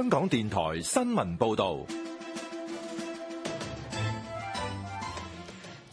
香港電台新聞報道。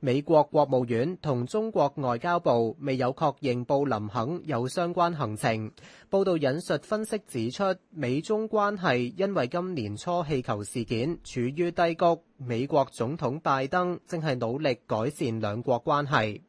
美國國務院同中國外交部未有確認布林肯有相關行程。報道引述分析指出，美中關係因為今年初氣球事件處於低谷，美國總統拜登正係努力改善兩國關係。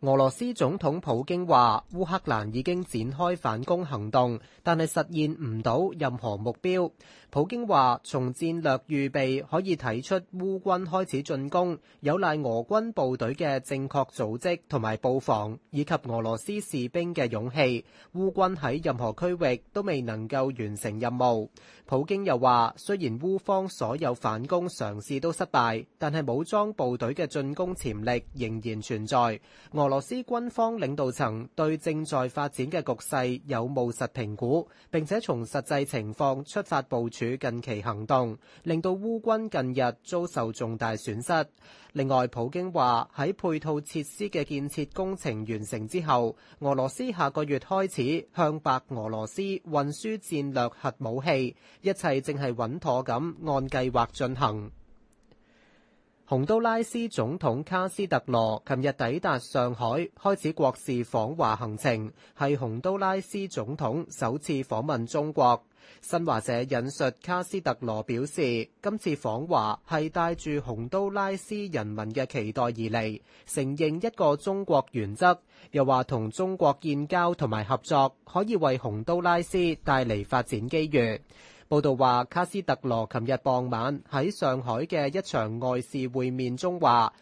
俄羅斯總統普京話：烏克蘭已經展開反攻行動，但係實現唔到任何目標。普京話：從戰略預備可以睇出烏軍開始進攻，有賴俄軍部隊嘅正確組織同埋布防，以及俄羅斯士兵嘅勇氣。烏軍喺任何區域都未能夠完成任務。普京又話：雖然烏方所有反攻嘗試都失敗，但係武裝部隊嘅進攻潛力仍然存在。俄羅斯軍方領導層對正在發展嘅局勢有務實評估，並且從實際情況出發部署。近期行動令到烏軍近日遭受重大損失。另外，普京話喺配套設施嘅建設工程完成之後，俄羅斯下個月開始向白俄羅斯運輸戰略核武器，一切正係穩妥咁按計劃進行。洪都拉斯總統卡斯特羅琴日抵達上海，開始國事訪華行程，係洪都拉斯總統首次訪問中國。新華社引述卡斯特羅表示，今次訪華係帶住洪都拉斯人民嘅期待而嚟，承認一個中國原則，又話同中國建交同埋合作可以為洪都拉斯帶嚟發展機遇。報道話，卡斯特羅琴日傍晚喺上海嘅一場外事會面中話。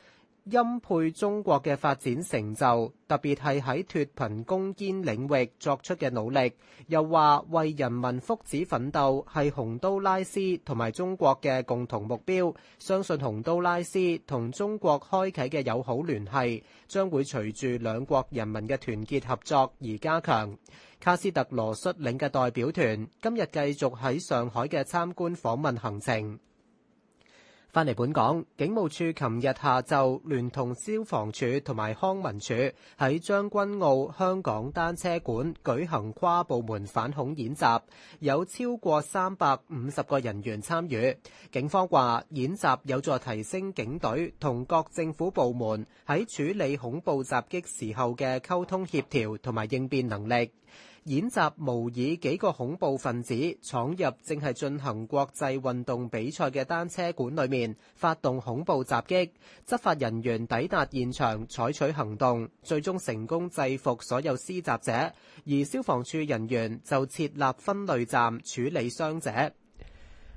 欽佩中國嘅發展成就，特別係喺脫貧攻堅領域作出嘅努力，又話為人民福祉奮鬥係洪都拉斯同埋中國嘅共同目標。相信洪都拉斯同中國開啟嘅友好聯繫，將會隨住兩國人民嘅團結合作而加強。卡斯特羅率領嘅代表團今日繼續喺上海嘅參觀訪問行程。返嚟本港，警務處琴日下晝，聯同消防處同埋康文署喺將軍澳香港單車館舉行跨部門反恐演習，有超過三百五十個人員參與。警方話演習有助提升警隊同各政府部門喺處理恐怖襲擊時候嘅溝通協調同埋應變能力。演習模擬幾個恐怖分子闖入正係進行國際運動比賽嘅單車館裏面，發動恐怖襲擊。執法人員抵達現場採取行動，最終成功制服所有施襲者。而消防處人員就設立分類站處理傷者。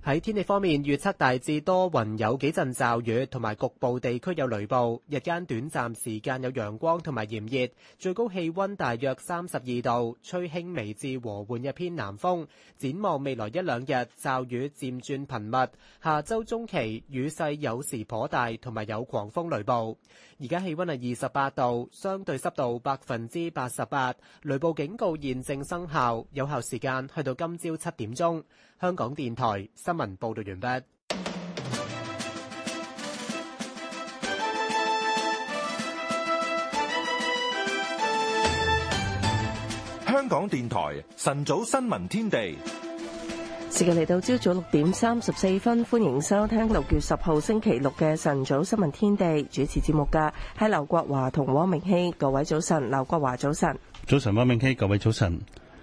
喺天氣方面預測大致多雲，有幾陣驟雨，同埋局部地區有雷暴。日間短暫時間有陽光同埋炎熱，最高氣温大約三十二度，吹輕微至和緩一偏南風。展望未來一兩日驟雨漸轉頻密，下周中期雨勢有時頗大，同埋有狂風雷暴。而家氣温係二十八度，相對濕度百分之八十八，雷暴警告現正生效，有效時間去到今朝七點鐘。香港電台新聞報道完畢。香港電台晨早新聞天地，時間嚟到朝早六點三十四分，歡迎收聽六月十號星期六嘅晨早新聞天地，主持節目嘅係劉國華同汪明熙。各位早晨，劉國華早晨，早晨汪明熙。各位早晨。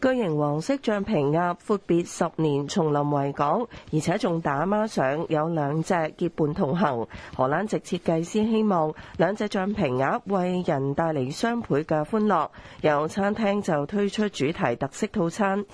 巨型黃色橡皮鴨闊別十年重臨維港，而且仲打孖上，有兩隻結伴同行。荷蘭籍設計師希望兩隻橡皮鴨為人帶嚟雙倍嘅歡樂，有餐廳就推出主題特色套餐。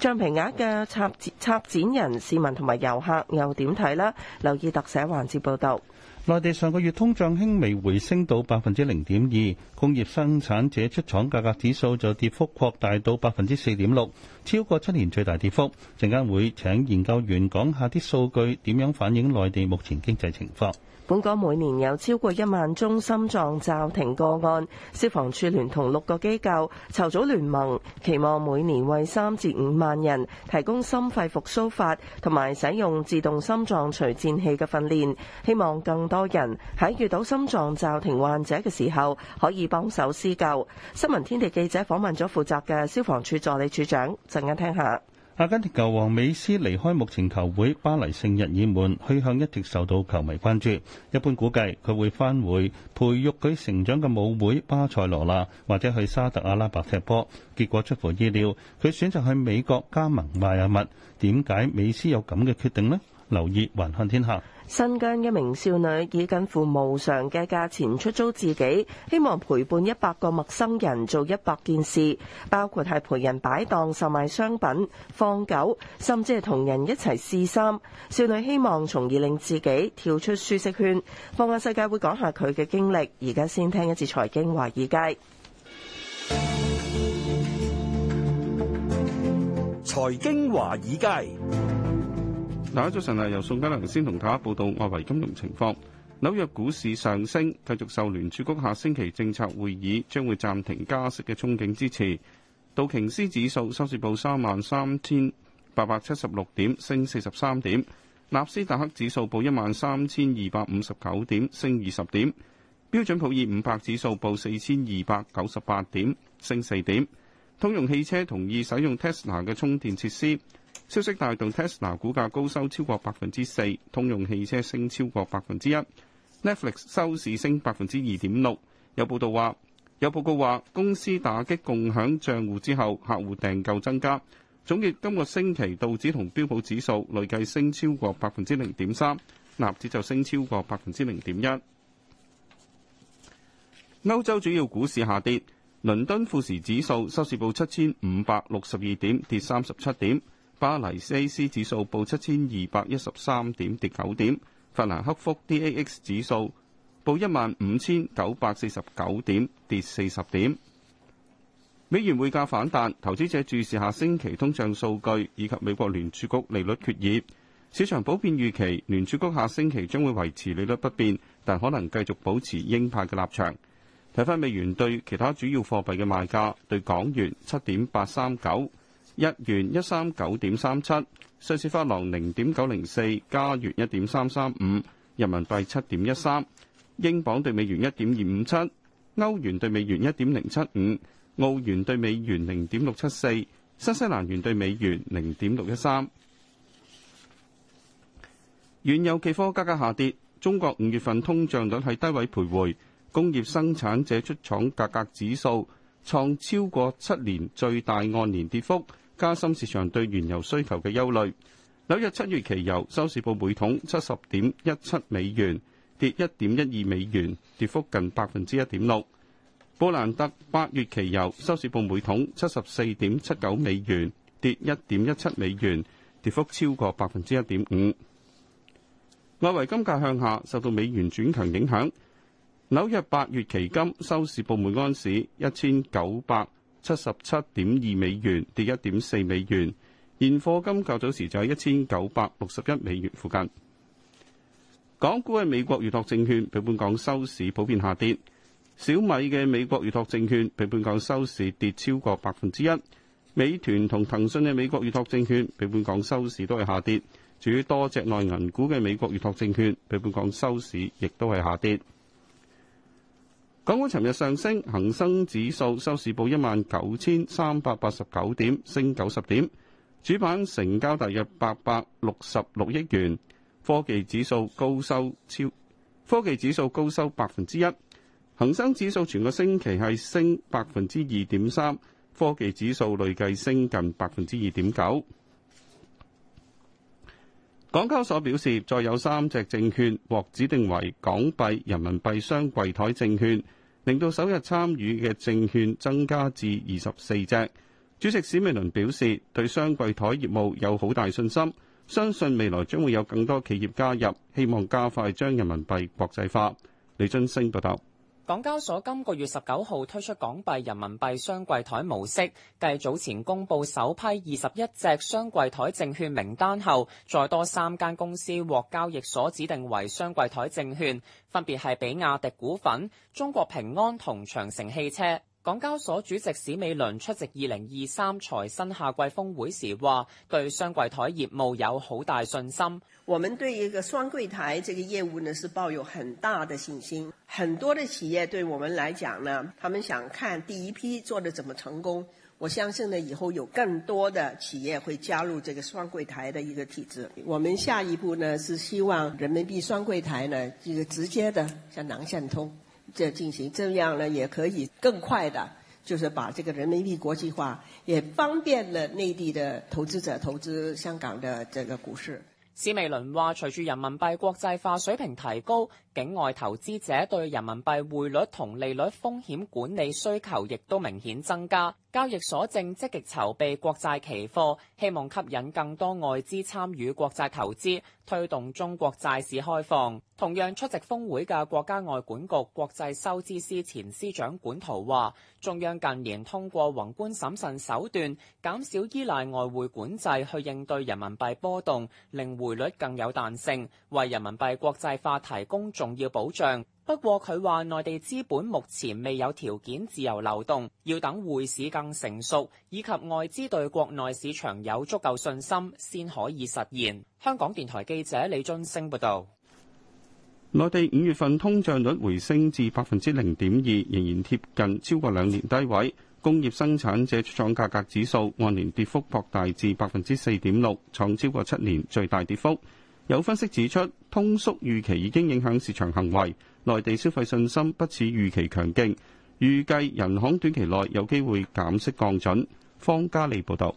橡皮鴨嘅插，插展人，市民同埋遊客又點睇呢？留意特寫環節報導。內地上個月通脹輕微回升到百分之零點二，工業生產者出廠價格指數就跌幅擴大到百分之四點六，超過七年最大跌幅。陣間會請研究員講下啲數據點樣反映內地目前經濟情況。本港每年有超過一萬宗心臟驟停個案，消防處聯同六個機構籌組聯盟，期望每年為三至五萬人提供心肺復甦法同埋使用自動心臟除顫器嘅訓練，希望更多人喺遇到心臟驟停患者嘅時候可以幫手施救。新聞天地記者訪問咗負責嘅消防處助理處長，陣間聽下。阿根廷球王美斯離開目前球會巴黎聖日耳門，去向一直受到球迷關注。一般估計佢會返回培育佢成長嘅母會巴塞羅那，或者去沙特阿拉伯踢波。結果出乎意料，佢選擇去美國加盟邁阿密。點解美斯有咁嘅決定呢？留意環看天下。新疆一名少女以近乎無償嘅價錢出租自己，希望陪伴一百個陌生人做一百件事，包括係陪人擺檔、售賣商品、放狗，甚至係同人一齊試衫。少女希望從而令自己跳出舒適圈，放眼世界，會講下佢嘅經歷，而家先聽一次財經華爾街。財經華爾街。嗱，早晨啊，由宋嘉良先同大家報道外圍金融情況。紐約股市上升，繼續受聯儲局下星期政策會議將會暫停加息嘅憧憬支持。道瓊斯指數收市報三萬三千八百七十六點，升四十三點。納斯達克指數報一萬三千二百五十九點，升二十點。標準普爾五百指數報四千二百九十八點，升四點。通用汽車同意使用 Tesla 嘅充電設施。消息帶動 Tesla 股價高收超過百分之四，通用汽車升超過百分之一，Netflix 收市升百分之二點六。有報道話，有報告話公司打擊共享賬戶之後，客戶訂購增加。總結今個星期道指同標普指數累計升超過百分之零點三，納指就升超過百分之零點一。歐洲主要股市下跌，倫敦富時指數收市報七千五百六十二點，跌三十七點。巴黎 CAC 指數報七千二百一十三點，跌九點，法蘭克福 DAX 指數報一萬五千九百四十九點，跌四十點。美元匯價反彈，投資者注視下星期通脹數據以及美國聯儲局利率決議，市場普遍預期聯儲局下星期將會維持利率不變，但可能繼續保持鷹派嘅立場。睇翻美元兌其他主要貨幣嘅賣價，對港元七點八三九，日元一三九點三七，瑞士法郎零點九零四，加元一點三三五，人民幣七點一三，英鎊兌美元一點二五七，歐元兌美元一點零七五，澳元兌美元零點六七四，新西蘭元兌美元零點六一三。原油期貨價格下跌，中國五月份通脹率喺低位徘徊，工業生產者出廠價格指數創超過七年最大按年跌幅。加深市場對原油需求嘅憂慮。紐約七月期油收市報每桶七十點一七美元，跌一點一二美元，跌幅近百分之一點六。布蘭特八月期油收市報每桶七十四點七九美元，跌一點一七美元，跌幅超過百分之一點五。外圍金價向下，受到美元轉強影響。紐約八月期金收市報每安士一千九百七十七點二美元，跌一點四美元。現貨金較早時就喺一千九百六十一美元附近。港股嘅美國預託證券，比本港收市普遍下跌。小米嘅美國預託證券比本港收市跌超過百分之一。美團同騰訊嘅美國預託證券比本港收市都係下跌。至於多隻內銀股嘅美國預託證券比本港收市亦都係下跌。港股尋日上升，恒生指數收市報一萬九千三百八十九點，升九十點，主板成交大約八百六十六億元。科技指數高收超，科技指數高收百分之一。恒生指數全個星期係升百分之二點三，科技指數累計升近百分之二點九。港交所表示，再有三隻證券獲指定為港幣、人民幣雙櫃台證券。令到首日參與嘅證券增加至二十四隻。主席史美倫表示，對雙櫃台業務有好大信心，相信未來將會有更多企業加入，希望加快將人民幣國際化。李津升報道。港交所今個月十九號推出港幣人民幣雙櫃台模式，繼早前公布首批二十一隻雙櫃台證券名單後，再多三間公司獲交易所指定為雙櫃台證券，分別係比亞迪股份、中國平安同長城汽車。港交所主席史美倫出席2023財新夏季峰會時話，對雙櫃台業務有好大信心。我們對一個雙櫃台這個業務呢，是抱有很大的信心。很多的企業對我們來講呢，他們想看第一批做的怎麼成功。我相信呢，以後有更多的企業會加入這個雙櫃台的一個體制。我們下一步呢，是希望人民幣雙櫃台呢，一個直接的向南向通。這進行，這樣呢也可以更快的，就是把這個人民幣國際化，也方便了內地的投資者投資香港的這個股市。史美倫話，隨着人民幣國際化水平提高。境外投資者對人民幣匯率同利率風險管理需求亦都明顯增加，交易所正積極籌備國債期貨，希望吸引更多外資參與國債投資，推動中國債市開放。同樣出席峰會嘅國家外管局國際收支司前司長管濤話，中央近年通過宏觀審慎手段，減少依賴外匯管制去應對人民幣波動，令匯率更有彈性，為人民幣國際化提供重重要保障。不過，佢話內地資本目前未有條件自由流動，要等匯市更成熟，以及外資對國內市場有足夠信心，先可以實現。香港電台記者李津升報道，內地五月份通脹率回升至百分之零點二，仍然貼近超過兩年低位。工業生產者出廠價格指數按年跌幅擴大至百分之四點六，創超過七年最大跌幅。有分析指出，通縮預期已經影響市場行為，內地消費信心不似預期強勁，預計人行短期內有機會減息降準，方嘉利報道。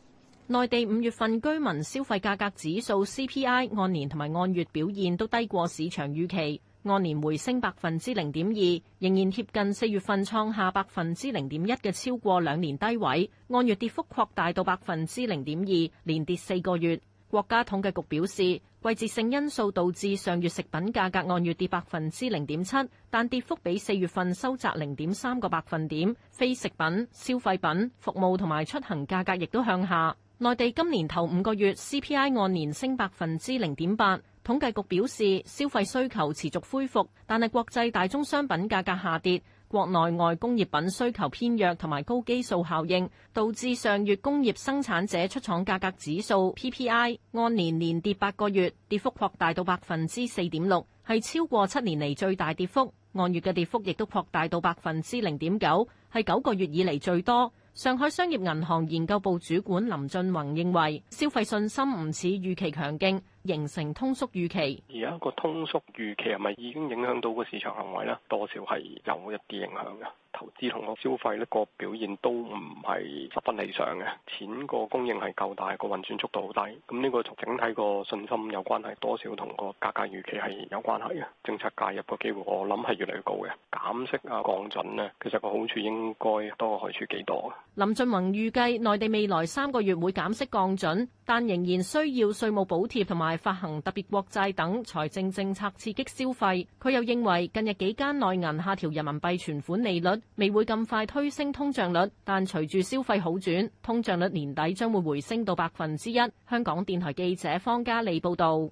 內地五月份居民消費價格指數 CPI 按年同埋按月表現都低過市場預期，按年回升百分之零點二，仍然貼近四月份創下百分之零點一嘅超過兩年低位，按月跌幅擴大到百分之零點二，連跌四個月。國家統計局表示，季節性因素導致上月食品價格按月跌百分之零點七，但跌幅比四月份收窄零點三個百分點。非食品、消費品、服務同埋出行價格亦都向下。內地今年頭五個月 CPI 按年升百分之零點八。統計局表示，消費需求持續恢復，但係國際大宗商品價格下跌。國內外工業品需求偏弱，同埋高基數效應，導致上月工業生產者出廠價格指數 PPI 按年連跌八個月，跌幅擴大到百分之四點六，係超過七年嚟最大跌幅。按月嘅跌幅亦都擴大到百分之零點九，係九個月以嚟最多。上海商業銀行研究部主管林俊宏認為，消費信心唔似預期強勁。形成通縮預期，而家個通縮預期係咪已經影響到個市場行為咧？多少係有一啲影響嘅。投資同個消費呢個表現都唔係十分理想嘅，錢個供應係夠大，個運轉速度好低。咁呢個同整體個信心有關係，多少同個價格預期係有關係嘅。政策介入嘅機會，我諗係越嚟越高嘅。減息啊，降準呢，其實個好處應該多過害處幾多。林俊宏預計內地未來三個月會減息降準，但仍然需要稅務補貼同埋發行特別國債等財政政策刺激消費。佢又認為近日幾間內銀下調人民幣存款利率，未會咁快推升通脹率，但隨住消費好轉，通脹率年底將會回升到百分之一。香港電台記者方嘉利報道。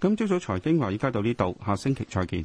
今朝早財經話，依家到呢度，下星期再見。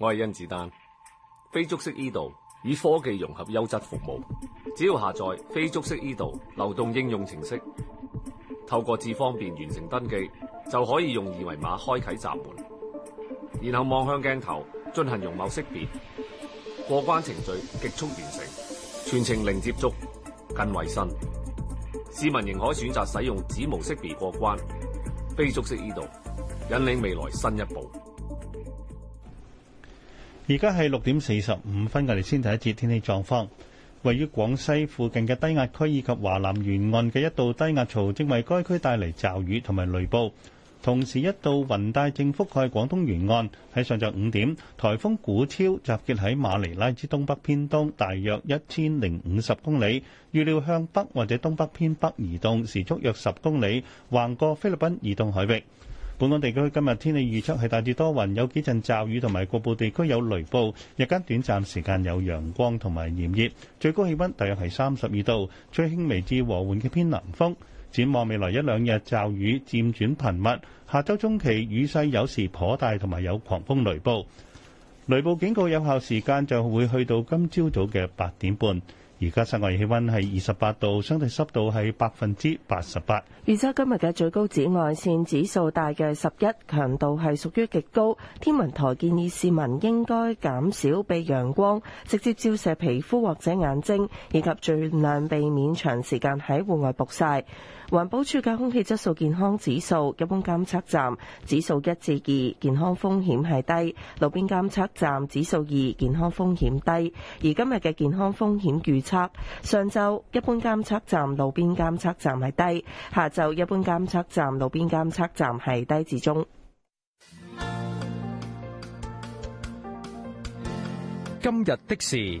我係甄子丹，非觸式 e 道以科技融合優質服務，只要下載非觸式 e 道流動應用程式，透過智方便完成登記，就可以用二維碼開啟閘門，然後望向鏡頭進行容貌識別，過關程序極速完成，全程零接觸、更衛生。市民仍可選擇使用指模識別過關。非觸式 e 道引領未來新一步。而家係六點四十五分，我哋先睇一節天氣狀況。位於廣西附近嘅低壓區以及華南沿岸嘅一道低壓槽，正為該區帶嚟驟雨同埋雷暴。同時，一道雲帶正覆蓋廣東沿岸。喺上晝五點，颱風古超集結喺馬尼拉之東北偏東，大約一千零五十公里，預料向北或者東北偏北移動，時速約十公里，橫過菲律賓移動海域。本港地區今日天氣預測係大致多雲，有幾陣驟雨，同埋局部地區有雷暴。日間短暫時間有陽光同埋炎熱，最高氣温大約係三十二度，吹輕微至和緩嘅偏南風。展望未來一兩日驟雨漸轉頻密，下週中期雨勢有時頗大，同埋有狂風雷暴。雷暴警告有效時間就會去到今朝早嘅八點半。而家室外氣溫係二十八度，相對濕度係百分之八十八。預測今日嘅最高紫外線指數大約十一，強度係屬於極高。天文台建議市民應該減少被陽光，直接照射皮膚或者眼睛，以及盡量避免長時間喺戶外曝曬。環保署嘅空氣質素健康指數，一般監測站指數一至二，健康風險係低；路邊監測站指數二，健康風險低。而今日嘅健康風險預測，上晝一般監測站、路邊監測站係低，下晝一般監測站、路邊監測站係低至中。今日的事。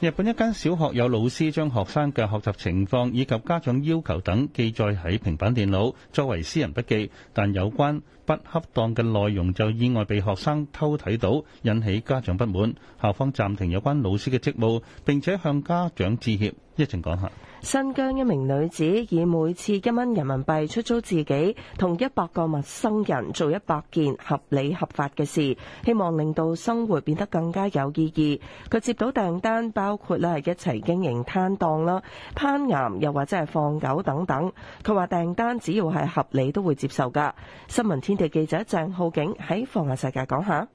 日本一間小學有老師將學生嘅學習情況以及家長要求等記載喺平板電腦，作為私人筆記，但有關，不恰當嘅內容就意外被學生偷睇到，引起家長不滿，校方暫停有關老師嘅職務，並且向家長致歉。一陣講下。新疆一名女子以每次一蚊人民幣出租自己，同一百個陌生人做一百件合理合法嘅事，希望令到生活變得更加有意義。佢接到訂單，包括咧係一齊經營攤檔啦、攀岩又或者係放狗等等。佢話訂單只要係合理都會接受㗎。新聞天哋記者鄭浩景喺放眼世界講下。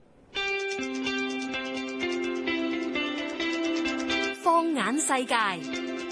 放眼世界。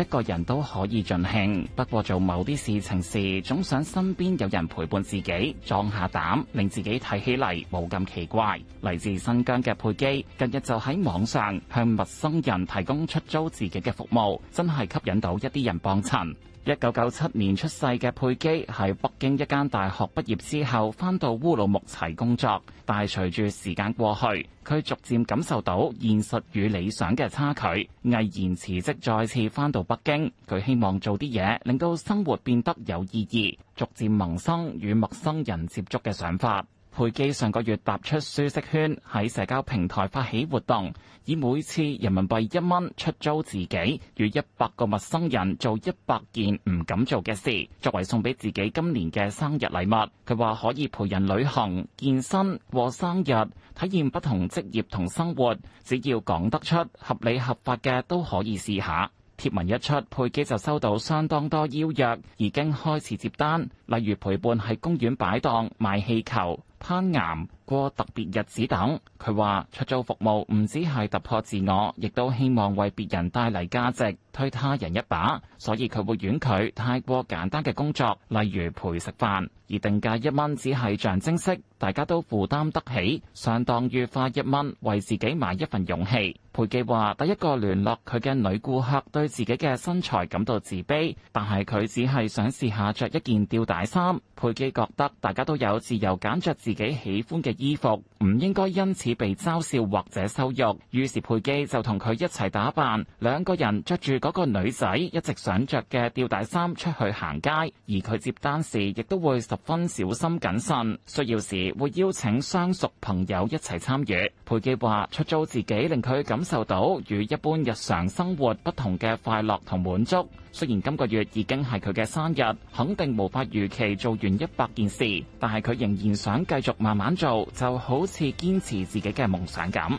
一個人都可以盡興，不過做某啲事情時，總想身邊有人陪伴自己，壯下膽，令自己睇起嚟冇咁奇怪。嚟自新疆嘅佩基，近日就喺網上向陌生人提供出租自己嘅服務，真係吸引到一啲人幫襯。一九九七年出世嘅佩基喺北京一間大學畢業之後，翻到烏魯木齊工作，但係隨住時間過去，佢逐漸感受到現實與理想嘅差距，毅然辭職，再次翻到北京。佢希望做啲嘢令到生活變得有意義，逐漸萌生與陌生人接觸嘅想法。佩基上個月踏出舒適圈，喺社交平台發起活動，以每次人民幣一蚊出租自己，與一百個陌生人做一百件唔敢做嘅事，作為送俾自己今年嘅生日禮物。佢話可以陪人旅行、健身、過生日，體驗不同職業同生活，只要講得出合理合法嘅都可以試下。貼文一出，佩基就收到相當多邀約，已經開始接單，例如陪伴喺公園擺檔賣氣球。攀岩、過特別日子等，佢話出租服務唔止係突破自我，亦都希望為別人帶嚟價值，推他人一把。所以佢會婉拒太過簡單嘅工作，例如陪食飯，而定價一蚊只係象徵式，大家都負擔得起。相當於花一蚊，為自己買一份勇氣。佩姬話：第一個聯絡佢嘅女顧客，對自己嘅身材感到自卑，但係佢只係想試下着一件吊帶衫。佩姬覺得大家都有自由揀着自自己喜歡嘅衣服唔應該因此被嘲笑或者羞辱，於是佩基就同佢一齊打扮，兩個人着住嗰個女仔一直想着嘅吊帶衫出去行街。而佢接單時亦都會十分小心謹慎，需要時會邀請相熟朋友一齊參與。佩基話：出租自己，令佢感受到與一般日常生活不同嘅快樂同滿足。雖然今個月已經係佢嘅生日，肯定無法預期做完一百件事，但係佢仍然想繼續慢慢做，就好似堅持自己嘅夢想咁。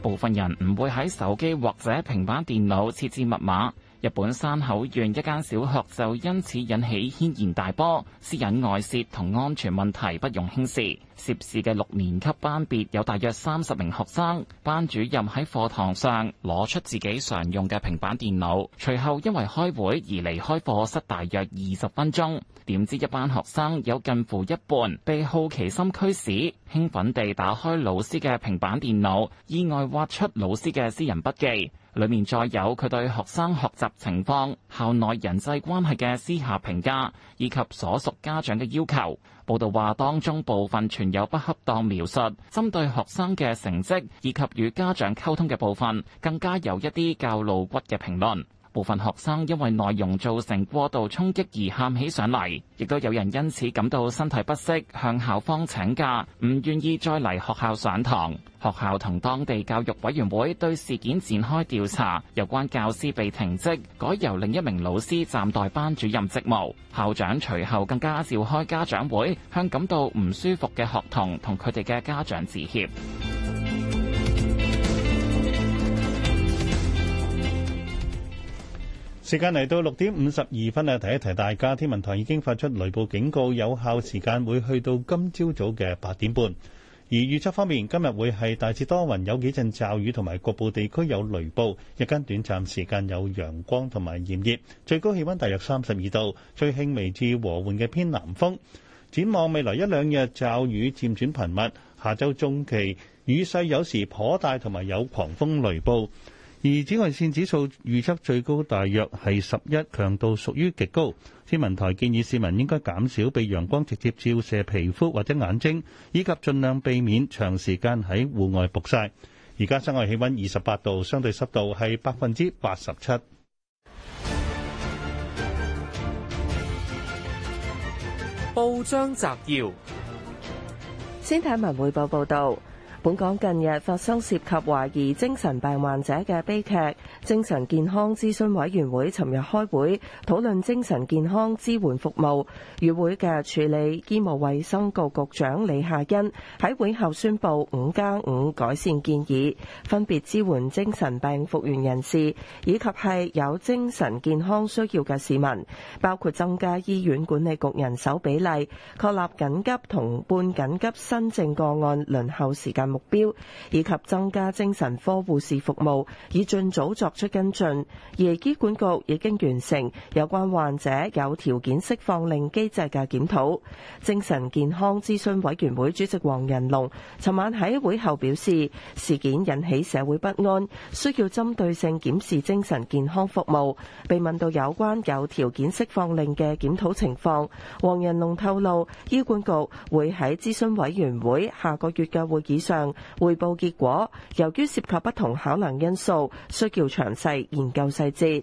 部分人唔會喺手機或者平板電腦設置密碼。日本山口縣一間小學就因此引起軒然大波，私隱外泄同安全問題不容輕視。涉事嘅六年級班別有大約三十名學生，班主任喺課堂上攞出自己常用嘅平板電腦，隨後因為開會而離開課室大約二十分鐘，點知一班學生有近乎一半被好奇心驅使，興奮地打開老師嘅平板電腦，意外挖出老師嘅私人筆記。裏面再有佢對學生學習情況、校內人際關係嘅私下評價，以及所屬家長嘅要求。報道話當中部分存有不恰當描述，針對學生嘅成績以及與家長溝通嘅部分，更加有一啲較露骨嘅評論。部分學生因為內容造成過度衝擊而喊起上嚟，亦都有人因此感到身體不適，向校方請假，唔願意再嚟學校上堂。學校同當地教育委員會對事件展開調查，有關教師被停職，改由另一名老師暫代班主任職務。校長隨後更加召開家長會，向感到唔舒服嘅學童同佢哋嘅家長致歉。時間嚟到六點五十二分啊！提一提大家，天文台已經發出雷暴警告，有效時間會去到今朝早嘅八點半。而預測方面，今日會係大致多雲，有幾陣驟雨，同埋局部地區有雷暴，日間短暫時間有陽光同埋炎熱，最高氣温大約三十二度，吹輕微至和緩嘅偏南風。展望未來一兩日，驟雨漸轉頻密，下週中期雨勢有時頗大，同埋有狂風雷暴。而紫外線指數預測最高大約係十一，強度屬於極高。天文台建議市民應該減少被陽光直接照射皮膚或者眼睛，以及盡量避免長時間喺戶外曝曬。而家室外氣温二十八度，相對濕度係百分之八十七。報章摘要，先睇文匯報報導。本港近日發生涉及懷疑精神病患者嘅悲劇，精神健康諮詢委員會尋日開會討論精神健康支援服務。與會嘅處理醫務衛生局局長李夏欣喺會後宣布五加五改善建議，分別支援精神病復原人士以及係有精神健康需要嘅市民，包括增加醫院管理局人手比例，確立緊急同半緊急新症個案輪候時間。目標以及增加精神科護士服務，以盡早作出跟進。而醫管局已經完成有關患者有條件釋放令機制嘅檢討。精神健康諮詢委員會主席黃仁龍尋晚喺會後表示，事件引起社會不安，需要針對性檢視精神健康服務。被問到有關有條件釋放令嘅檢討情況，黃仁龍透露，醫管局會喺諮詢委員會下個月嘅會議上。匯報結果，由於涉及不同考量因素，需要詳細研究細節。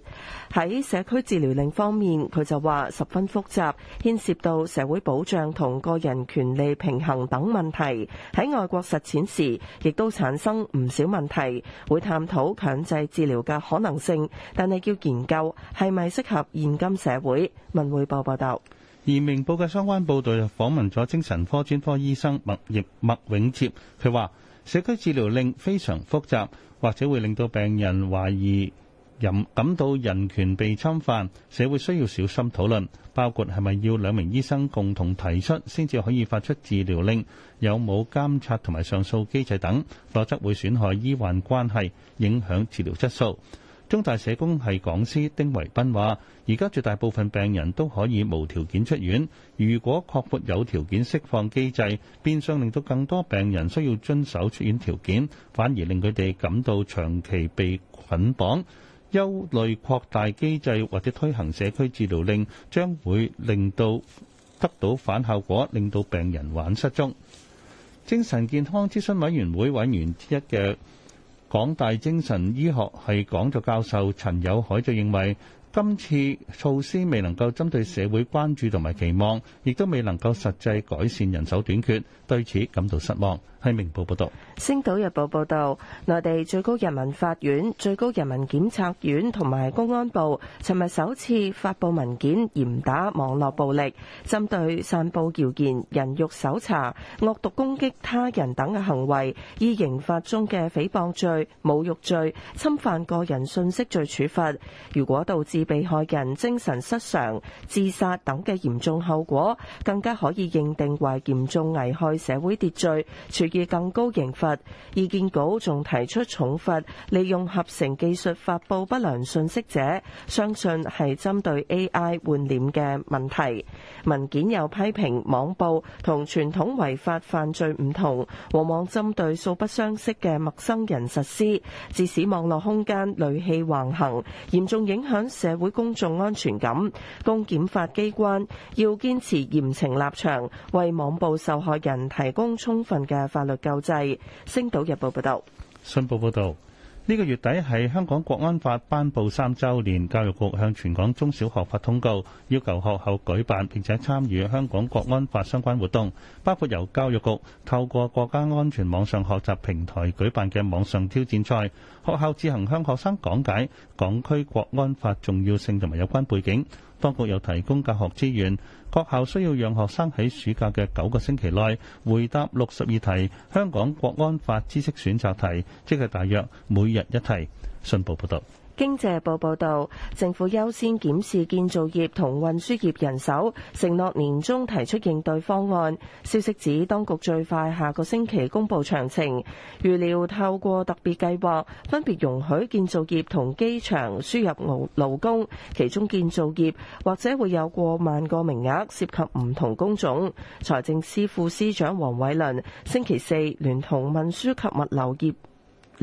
喺社區治療令方面，佢就話十分複雜，牽涉到社會保障同個人權利平衡等問題。喺外國實踐時，亦都產生唔少問題，會探討強制治療嘅可能性，但係要研究，係咪適合現今社會？文匯報報道。而明報嘅相關報導訪問咗精神科專科醫生麥葉麥永哲。佢話，社區治療令非常複雜，或者會令到病人懷疑人感到人權被侵犯，社會需要小心討論，包括係咪要兩名醫生共同提出先至可以發出治療令，有冇監察同埋上訴機制等，否則會損害醫患關係，影響治療質素。中大社工系講師丁維斌話，而家絕大部分病人都可以無條件出院，如果確闊有條件釋放機制，變相令到更多病人需要遵守出院條件，反而令佢哋感到長期被捆綁，憂慮擴大機制或者推行社區治療令，將會令到得到反效果，令到病人玩失蹤。精神健康諮詢委員會委員之一嘅。港大精神醫學系講座教授陳友凱就認為，今次措施未能夠針對社會關注同埋期望，亦都未能夠實際改善人手短缺，對此感到失望。係明報報導，《星島日報》報導，內地最高人民法院、最高人民檢察院同埋公安部，尋日首次發布文件，嚴打網絡暴力，針對散佈謠言、人肉搜查、惡毒攻擊他人等嘅行為，以刑法中嘅誹謗罪、侮辱罪、侵犯個人信息罪處罰。如果導致被害人精神失常、自殺等嘅嚴重後果，更加可以認定為嚴重危害社會秩序，處以更高刑罰。意見稿仲提出重罰利用合成技術發布不良信息者，相信係針對 AI 換臉嘅問題。文件又批評網暴同傳統違法犯罪唔同，往往針對素不相識嘅陌生人實施，致使網絡空間戾氣橫行，嚴重影響社社會公眾安全感，公檢法機關要堅持嚴懲立場，為網暴受害人提供充分嘅法律救濟。星島日報報道，新報報道。呢個月底係香港國安法頒布三週年，教育局向全港中小學發通告，要求學校舉辦並且參與香港國安法相關活動，包括由教育局透過國家安全網上學習平台舉辦嘅網上挑戰賽，學校自行向學生講解港區國安法重要性同埋有關背景。當局又提供教學資源，學校需要讓學生喺暑假嘅九個星期內回答六十二題香港國安法知識選擇題，即係大約每日一題，信報報道。經濟報報導，政府優先檢視建造業同運輸業人手，承諾年中提出應對方案。消息指，當局最快下個星期公布詳情，預料透過特別計劃，分別容許建造業同機場輸入勞工，其中建造業或者會有過萬個名額，涉及唔同工種。財政司副司長黃偉綸星期四聯同運輸及物流業。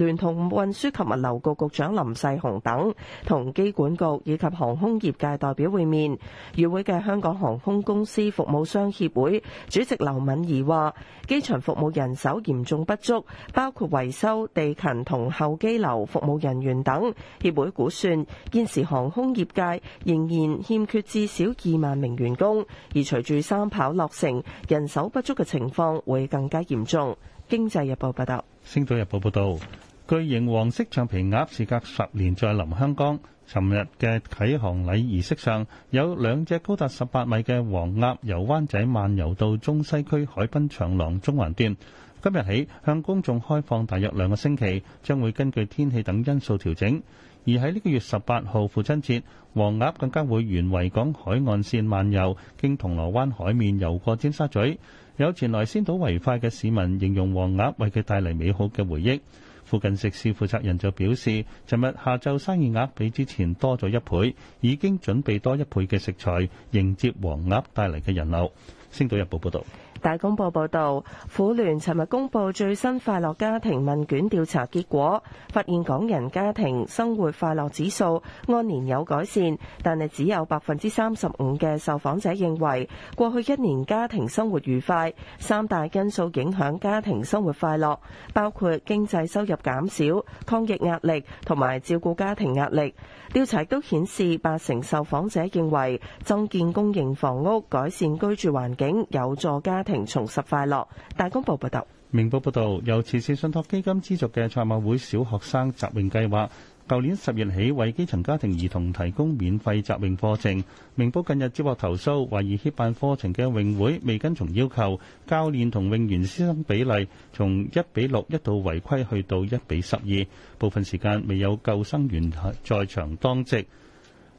聯同運輸及物流局局長林世雄等同機管局以及航空業界代表會面。與會嘅香港航空公司服務商協會主席劉敏儀話，機場服務人手嚴重不足，包括維修、地勤同候機樓服務人員等。協會估算，現時航空業界仍然欠缺至少二萬名員工，而隨住三跑落成，人手不足嘅情況會更加嚴重。經濟日報報道，星島日報報道。巨型黃色橡皮鴨時隔十年再臨香港。尋日嘅啟航禮儀式上，有兩隻高達十八米嘅黃鴨由灣仔，漫遊到中西區海濱長廊中環段。今日起向公眾開放，大約兩個星期，將會根據天氣等因素調整。而喺呢個月十八號父親節，黃鴨更加會沿維港海岸線漫遊，經銅鑼灣海面遊過尖沙咀。有前來先睹為快嘅市民形容黃鴨為佢帶嚟美好嘅回憶。附近食肆負責人就表示，尋日下晝生意額比之前多咗一倍，已經準備多一倍嘅食材迎接黃鴨帶嚟嘅人流。星島日報報道。大公報報導，婦聯尋日公布最新快樂家庭問卷調查結果，發現港人家庭生活快樂指數按年有改善，但係只有百分之三十五嘅受訪者認為過去一年家庭生活愉快。三大因素影響家庭生活快樂，包括經濟收入減少、抗疫壓力同埋照顧家庭壓力。調查亦都顯示八成受訪者認為增建公營房屋、改善居住環境有助家庭。重拾快樂。大公報報導，明報報導，由慈善信託基金資助嘅賽馬會小學生集泳計劃，舊年十月起為基層家庭兒童提供免費集泳課程。明報近日接獲投訴，懷疑協辦課程嘅泳會未跟從要求，教練同泳員師生比例從一比六一度違規去到一比十二，部分時間未有救生員在場當值。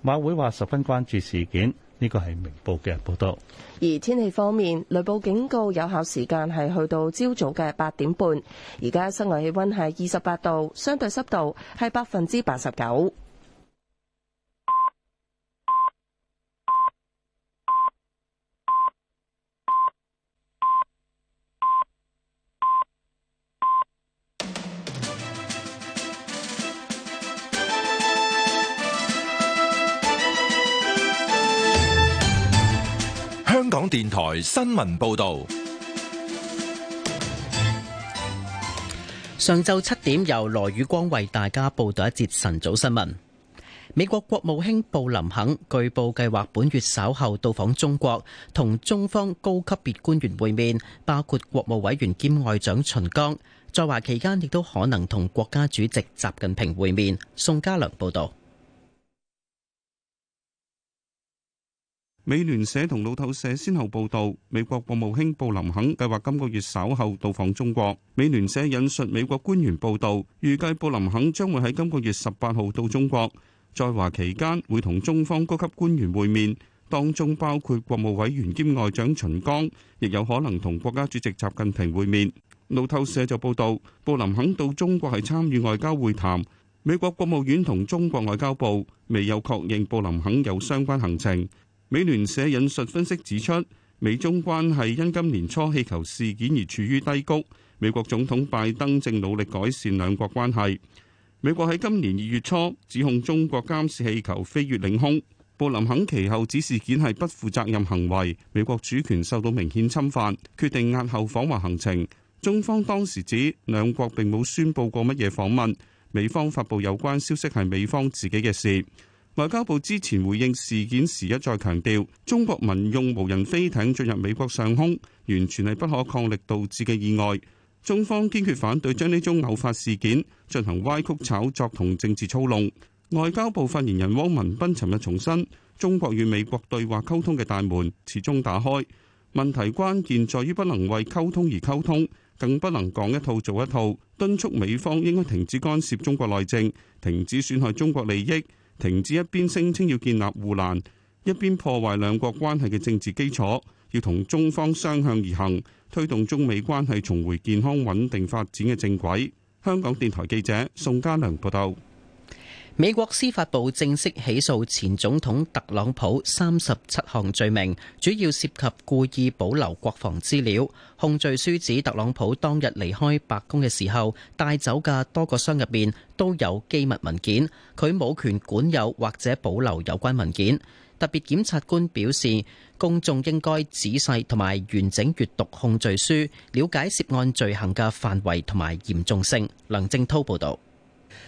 馬會話十分關注事件。呢個係明報嘅報道。而天氣方面，雷暴警告有效時間係去到朝早嘅八點半。而家室外氣溫係二十八度，相對濕度係百分之八十九。香港電台新聞報道，上晝七點由羅宇光為大家報道一節晨早新聞。美國國務卿布林肯據報計劃本月稍後到訪中國，同中方高級別官員會面，包括國務委員兼外長秦剛，在華期間亦都可能同國家主席習近平會面。宋家良報道。美聯社同路透社先後報道，美國國務卿布林肯計劃今個月稍後到訪中國。美聯社引述美國官員報道，預計布林肯將會喺今個月十八號到中國，在華期間會同中方高級官員會面，當中包括國務委員兼外長秦剛，亦有可能同國家主席習近平會面。路透社就報道，布林肯到中國係參與外交會談，美國國務院同中國外交部未有確認布林肯有相關行程。美聯社引述分析指出，美中關係因今年初氣球事件而處於低谷。美國總統拜登正努力改善兩國關係。美國喺今年二月初指控中國監視氣球飛越領空。布林肯其後指事件係不負責任行為，美國主權受到明顯侵犯，決定押後訪華行程。中方當時指兩國並冇宣布過乜嘢訪問，美方發布有關消息係美方自己嘅事。外交部之前回應事件時一再強調，中國民用無人飛艇進入美國上空，完全係不可抗力導致嘅意外。中方堅決反對將呢宗偶發事件進行歪曲炒作同政治操弄。外交部發言人汪文斌尋日重申，中國與美國對話溝通嘅大門始終打開，問題關鍵在於不能為溝通而溝通，更不能講一套做一套。敦促美方應該停止干涉中國內政，停止損害中國利益。停止一邊聲稱要建立護欄，一邊破壞兩國關係嘅政治基礎，要同中方相向而行，推動中美關係重回健康穩定發展嘅正軌。香港電台記者宋家良報道。美國司法部正式起訴前總統特朗普三十七項罪名，主要涉及故意保留國防資料。控罪書指特朗普當日離開白宮嘅時候帶走嘅多個箱入面都有機密文件，佢冇權管有或者保留有關文件。特別檢察官表示，公眾應該仔細同埋完整閱讀控罪書，了解涉案罪行嘅範圍同埋嚴重性。梁正滔報道。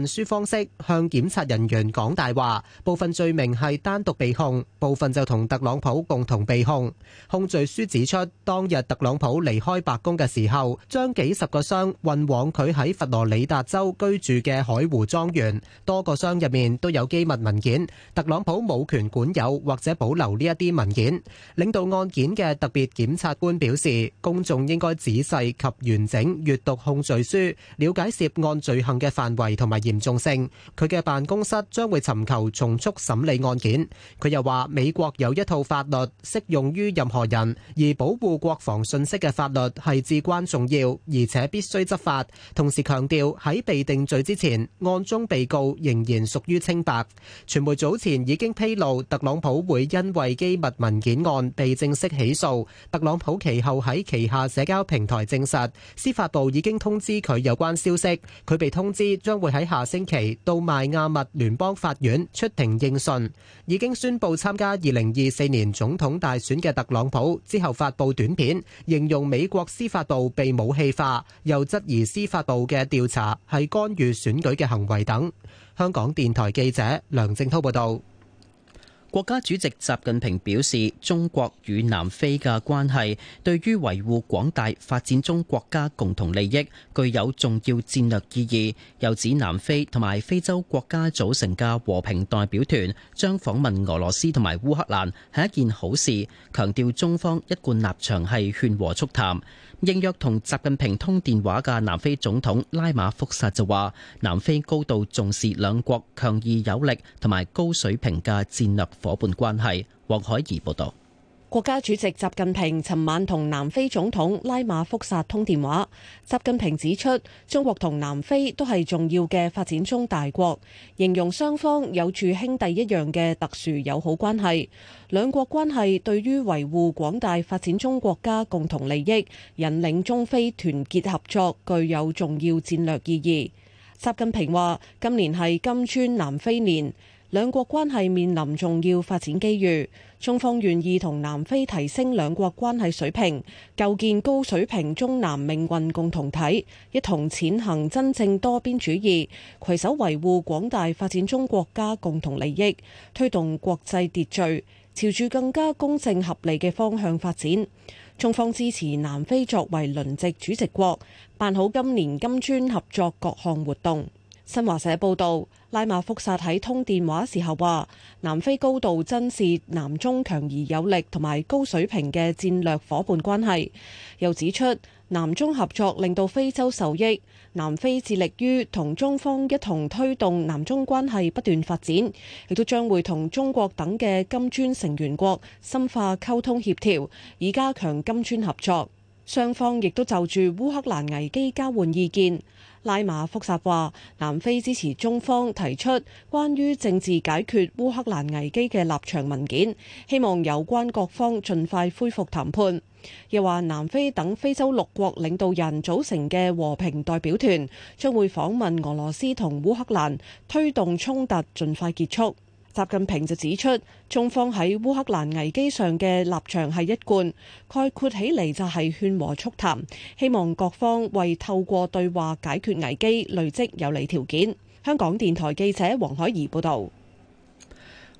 文書方式向檢察人員講大話，部分罪名係單獨被控，部分就同特朗普共同被控。控罪書指出，當日特朗普離開白宮嘅時候，將幾十個箱運往佢喺佛羅里達州居住嘅海湖莊園，多個箱入面都有機密文件，特朗普冇權管有或者保留呢一啲文件。領導案件嘅特別檢察官表示，公眾應該仔細及完整閱讀控罪書，了解涉案罪行嘅範圍同埋嚴重性，佢嘅辦公室將會尋求重速審理案件。佢又話：美國有一套法律適用於任何人，而保護國防信息嘅法律係至關重要，而且必須執法。同時強調喺被定罪之前，案中被告仍然屬於清白。傳媒早前已經披露特朗普會因為機密文件案被正式起訴。特朗普其後喺旗下社交平台證實，司法部已經通知佢有關消息，佢被通知將會喺下下星期到邁阿密聯邦法院出庭應訊，已經宣布參加2024年總統大選嘅特朗普之後發佈短片，形容美國司法部被武器化，又質疑司法部嘅調查係干預選舉嘅行為等。香港電台記者梁正濤報道。國家主席習近平表示，中國與南非嘅關係對於維護廣大發展中國家共同利益具有重要戰略意義。又指南非同埋非洲國家組成嘅和平代表團將訪問俄羅斯同埋烏克蘭，係一件好事，強調中方一貫立場係勸和促談。應約同習近平通電話嘅南非總統拉馬福薩就話：南非高度重視兩國強而有力同埋高水平嘅戰略夥伴關係。黃海怡報道。國家主席習近平尋晚同南非總統拉馬福薩通電話。習近平指出，中國同南非都係重要嘅發展中大國，形容雙方有住兄弟一樣嘅特殊友好關係。兩國關係對於維護廣大發展中國家共同利益、引領中非團結合作，具有重要戰略意義。習近平話：今年係金磚南非年，兩國關係面臨重要發展機遇。中方願意同南非提升兩國關係水平，構建高水平中南命運共同體，一同踐行真正多邊主義，攜手維護廣大發展中國家共同利益，推動國際秩序朝住更加公正合理嘅方向發展。中方支持南非作為輪值主席國辦好今年金磚合作各項活動。新華社報道，拉馬福薩喺通電話時候話：南非高度珍視南中強而有力同埋高水平嘅戰略伙伴關係，又指出南中合作令到非洲受益。南非致力於同中方一同推動南中關係不斷發展，亦都將會同中國等嘅金磚成員國深化溝通協調，以加強金磚合作。雙方亦都就住烏克蘭危機交換意見。拉馬福薩話：南非支持中方提出關於政治解決烏克蘭危機嘅立場文件，希望有關各方盡快恢復談判。又話南非等非洲六國領導人組成嘅和平代表團將會訪問俄羅斯同烏克蘭，推動衝突盡快結束。習近平就指出，中方喺烏克蘭危機上嘅立場係一貫，概括起嚟就係勸和促談，希望各方為透過對話解決危機，累積有利條件。香港電台記者黃海怡報導。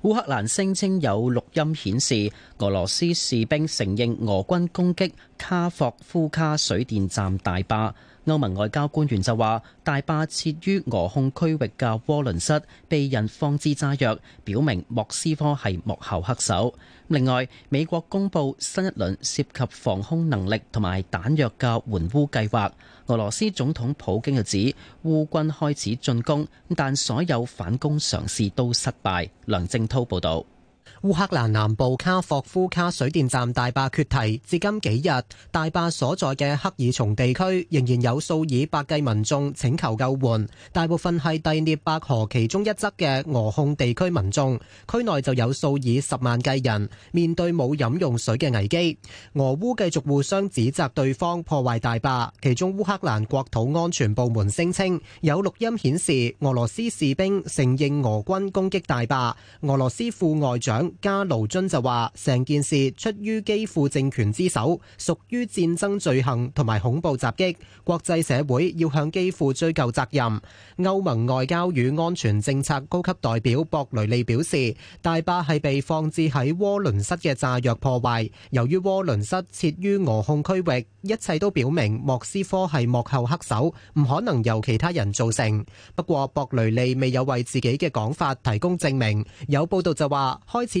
烏克蘭聲稱有錄音顯示，俄羅斯士兵承認俄軍攻擊卡霍夫卡水電站大壩。歐盟外交官員就話：大壩設於俄控區域嘅渦輪室被人放置炸藥，表明莫斯科係幕後黑手。另外，美國公布新一輪涉及防空能力同埋彈藥嘅援烏計劃。俄羅斯總統普京就指，烏軍開始進攻，但所有反攻嘗試都失敗。梁正滔報導。烏克蘭南部卡霍夫卡水電站大壩決堤至今幾日，大壩所在嘅克爾松地區仍然有數以百計民眾請求救援，大部分係第聶伯河其中一側嘅俄控地區民眾，區內就有數以十萬計人面對冇飲用水嘅危機。俄烏繼續互相指責對方破壞大壩，其中烏克蘭國土安全部門聲稱有錄音顯示俄羅斯士兵承認俄軍攻擊大壩，俄羅斯副外長，加勞津就話：成件事出於基輔政權之手，屬於戰爭罪行同埋恐怖襲擊，國際社會要向基輔追究責任。歐盟外交與安全政策高級代表博雷利表示：大壩係被放置喺渦輪室嘅炸藥破壞，由於渦輪室設於俄控區域，一切都表明莫斯科係幕後黑手，唔可能由其他人造成。不過博雷利未有為自己嘅講法提供證明。有報道就話開始。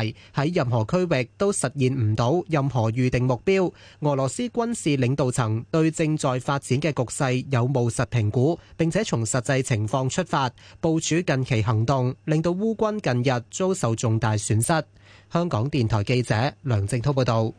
喺任何區域都實現唔到任何預定目標。俄羅斯軍事領導層對正在發展嘅局勢有務實評估，並且從實際情況出發部署近期行動，令到烏軍近日遭受重大損失。香港電台記者梁正滔報道。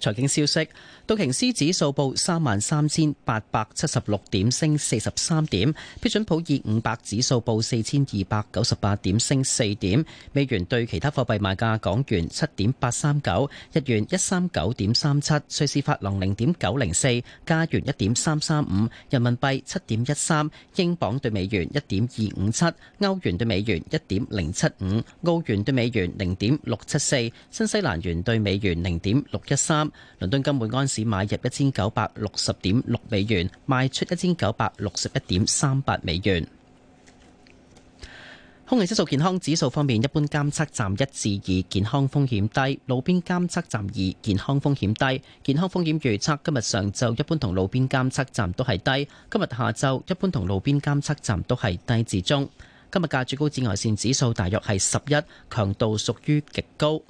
財經消息：道瓊斯指數報三萬三千八百七十六點，升四十三點；標準普爾五百指數報四千二百九十八點，升四點。美元對其他貨幣賣價：港元七點八三九，日元一三九點三七，瑞士法郎零點九零四，加元一點三三五，人民幣七點一三，英鎊對美元一點二五七，歐元對美元一點零七五，澳元對美元零點六七四，新西蘭元對美元零點六一三。倫敦金每安士買入一千九百六十點六美元，賣出一千九百六十一點三八美元。空氣質素健康指數方面，一般監測站一至二健康風險低，路邊監測站二健康風險低。健康風險預測今日上晝一般同路邊監測站都係低，今日下晝一般同路邊監測站都係低至中。今日價最高紫外線指數大約係十一，強度屬於極高。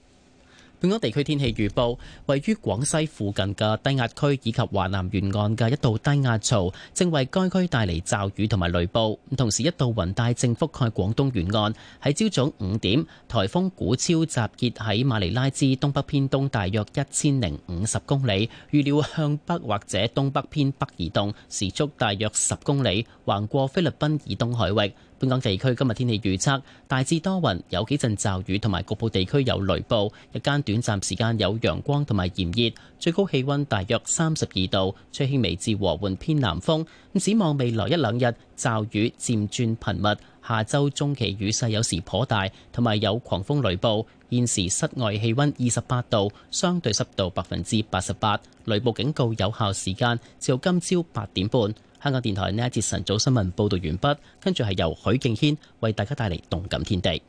本港地區天氣預報，位於廣西附近嘅低壓區以及華南沿岸嘅一道低壓槽，正為該區帶嚟驟雨同埋雷暴。同時，一道雲帶正覆蓋廣東沿岸。喺朝早五點，颱風古超集結喺馬尼拉之東北偏東大約一千零五十公里，預料向北或者東北偏北移動，時速大約十公里，橫過菲律賓以東海域。本港地區今日天，天氣預測大致多雲，有幾陣驟雨，同埋局部地區有雷暴。日間短暫時間有陽光同埋炎熱，最高氣温大約三十二度，吹輕微至和緩偏南風。咁展望未來一兩日，驟雨漸轉頻密，下周中期雨勢有時頗大，同埋有狂風雷暴。現時室外氣温二十八度，相對濕度百分之八十八，雷暴警告有效時間至今朝八點半。香港電台呢一節晨早新聞報道完畢，跟住係由許敬軒為大家帶嚟動感天地。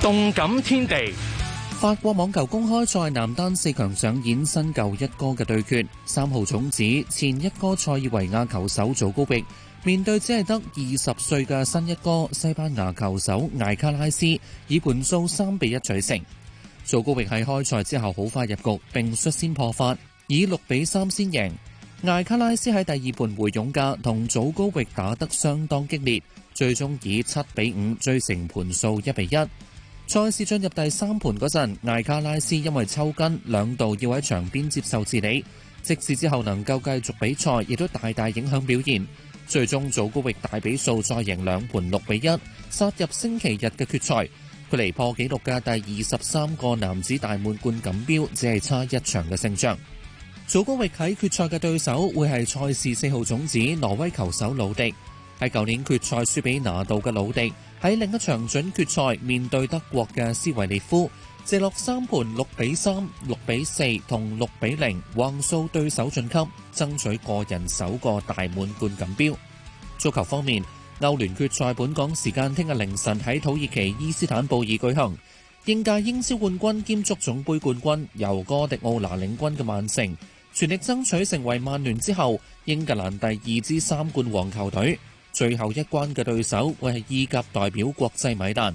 動感天地，法國網球公開賽男單四強上演新舊一哥嘅對決。三號種子前一哥塞爾維亞球手祖高域面對只係得二十歲嘅新一哥西班牙球手艾卡拉斯，以盤數三比一取勝。祖高域喺開賽之後好快入局，並率先破發，以六比三先贏。艾卡拉斯喺第二盤回勇，架同祖高域打得相當激烈，最終以七比五追成盤數一比一。賽事進入第三盤嗰陣，艾卡拉斯因為抽筋兩度要喺場邊接受治理，即使之後能夠繼續比賽，亦都大大影響表現。最終祖高域大比數再贏兩盤六比一，殺入星期日嘅決賽。佢離破紀錄嘅第二十三個男子大滿貫錦標只係差一場嘅勝仗。祖高域喺決賽嘅對手會係賽事四號種子挪威球手魯迪。喺舊年決賽輸俾拿度嘅魯迪，喺另一場準決賽面對德國嘅斯維列夫，直落三盤六比三、六比四同六比零橫掃對手晉級，爭取個人首個大滿貫錦標。足球方面。歐聯決賽本港時間聽日凌晨喺土耳其伊斯坦布爾而舉行。應屆英超冠軍兼足總盃冠軍，由哥迪奧拿領軍嘅曼城，全力爭取成為曼聯之後英格蘭第二支三冠王球隊。最後一關嘅對手會係意甲代表國際米蘭。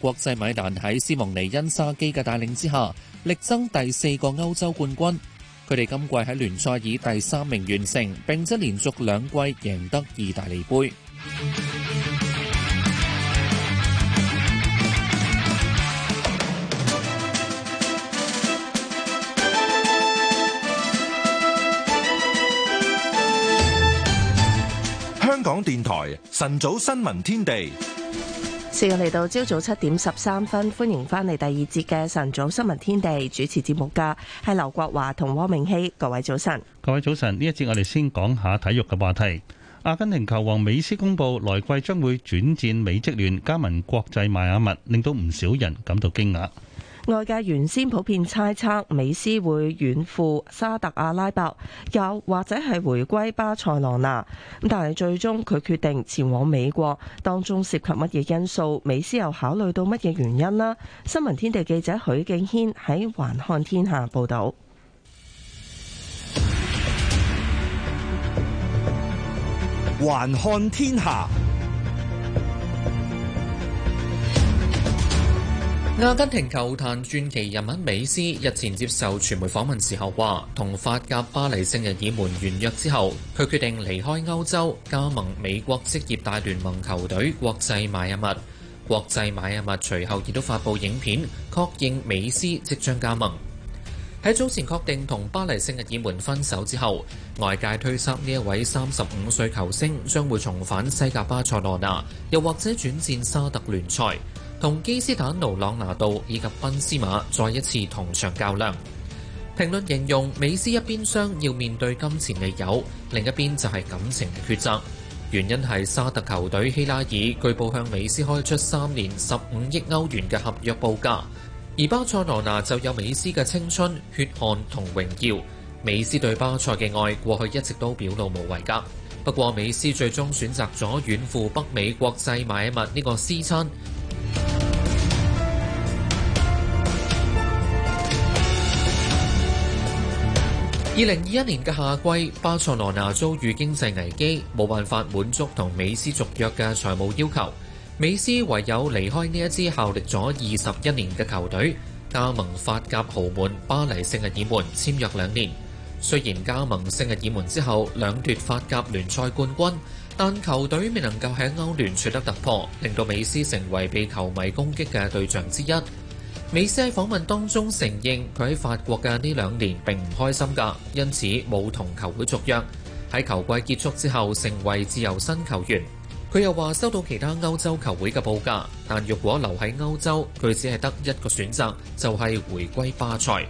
國際米蘭喺斯蒙尼恩沙基嘅帶領之下，力爭第四個歐洲冠軍。佢哋今季喺聯賽以第三名完成，並且連續兩季贏得意大利杯。香港電台晨早新聞天地，時間嚟到朝早七點十三分，歡迎翻嚟第二節嘅晨早新聞天地，主持節目噶係劉國華同汪明熙。各位早晨，各位早晨，呢一節我哋先講下體育嘅話題。阿根廷球王美斯公布，來季將會轉戰美職聯，加盟國際邁阿密，令到唔少人感到驚訝。外界原先普遍猜測美斯會遠赴沙特阿拉伯，又或者係回歸巴塞羅那，咁但係最終佢決定前往美國，當中涉及乜嘢因素？美斯又考慮到乜嘢原因啦？新聞天地記者許敬軒喺環看天下報道。環看天下。阿根廷球壇傳奇人物美斯日前接受傳媒訪問時候話，同法甲巴黎聖日耳門完約之後，佢決定離開歐洲，加盟美國職業大聯盟球隊國際買一物，國際買一物隨後亦都發布影片，確認美斯即將加盟。喺早前確定同巴黎聖日耳門分手之後，外界推測呢一位三十五歲球星將會重返西甲巴塞羅那，又或者轉戰沙特聯賽，同基斯坦奴朗拿度以及賓斯馬再一次同場較量。評論形容，美斯一邊廂要面對金錢嘅友，另一邊就係感情嘅抉擇。原因係沙特球隊希拉爾據報向美斯開出三年十五億歐元嘅合約報價。而巴塞羅那就有美斯嘅青春、血汗同榮耀。美斯對巴塞嘅愛過去一直都表露無遺噶。不過美斯最終選擇咗遠赴北美國際邁阿密呢個私親。二零二一年嘅夏季，巴塞羅那遭遇經濟危機，冇辦法滿足同美斯續約嘅財務要求。美斯唯有離開呢一支效力咗二十一年嘅球隊，加盟法甲豪門巴黎聖日耳門，簽約兩年。雖然加盟聖日耳門之後兩奪法甲聯賽冠軍，但球隊未能夠喺歐聯取得突破，令到美斯成為被球迷攻擊嘅對象之一。美斯喺訪問當中承認佢喺法國嘅呢兩年並唔開心㗎，因此冇同球會續約，喺球季結束之後成為自由身球員。佢又話收到其他歐洲球會嘅報價，但若果留喺歐洲，佢只係得一個選擇，就係回歸巴塞。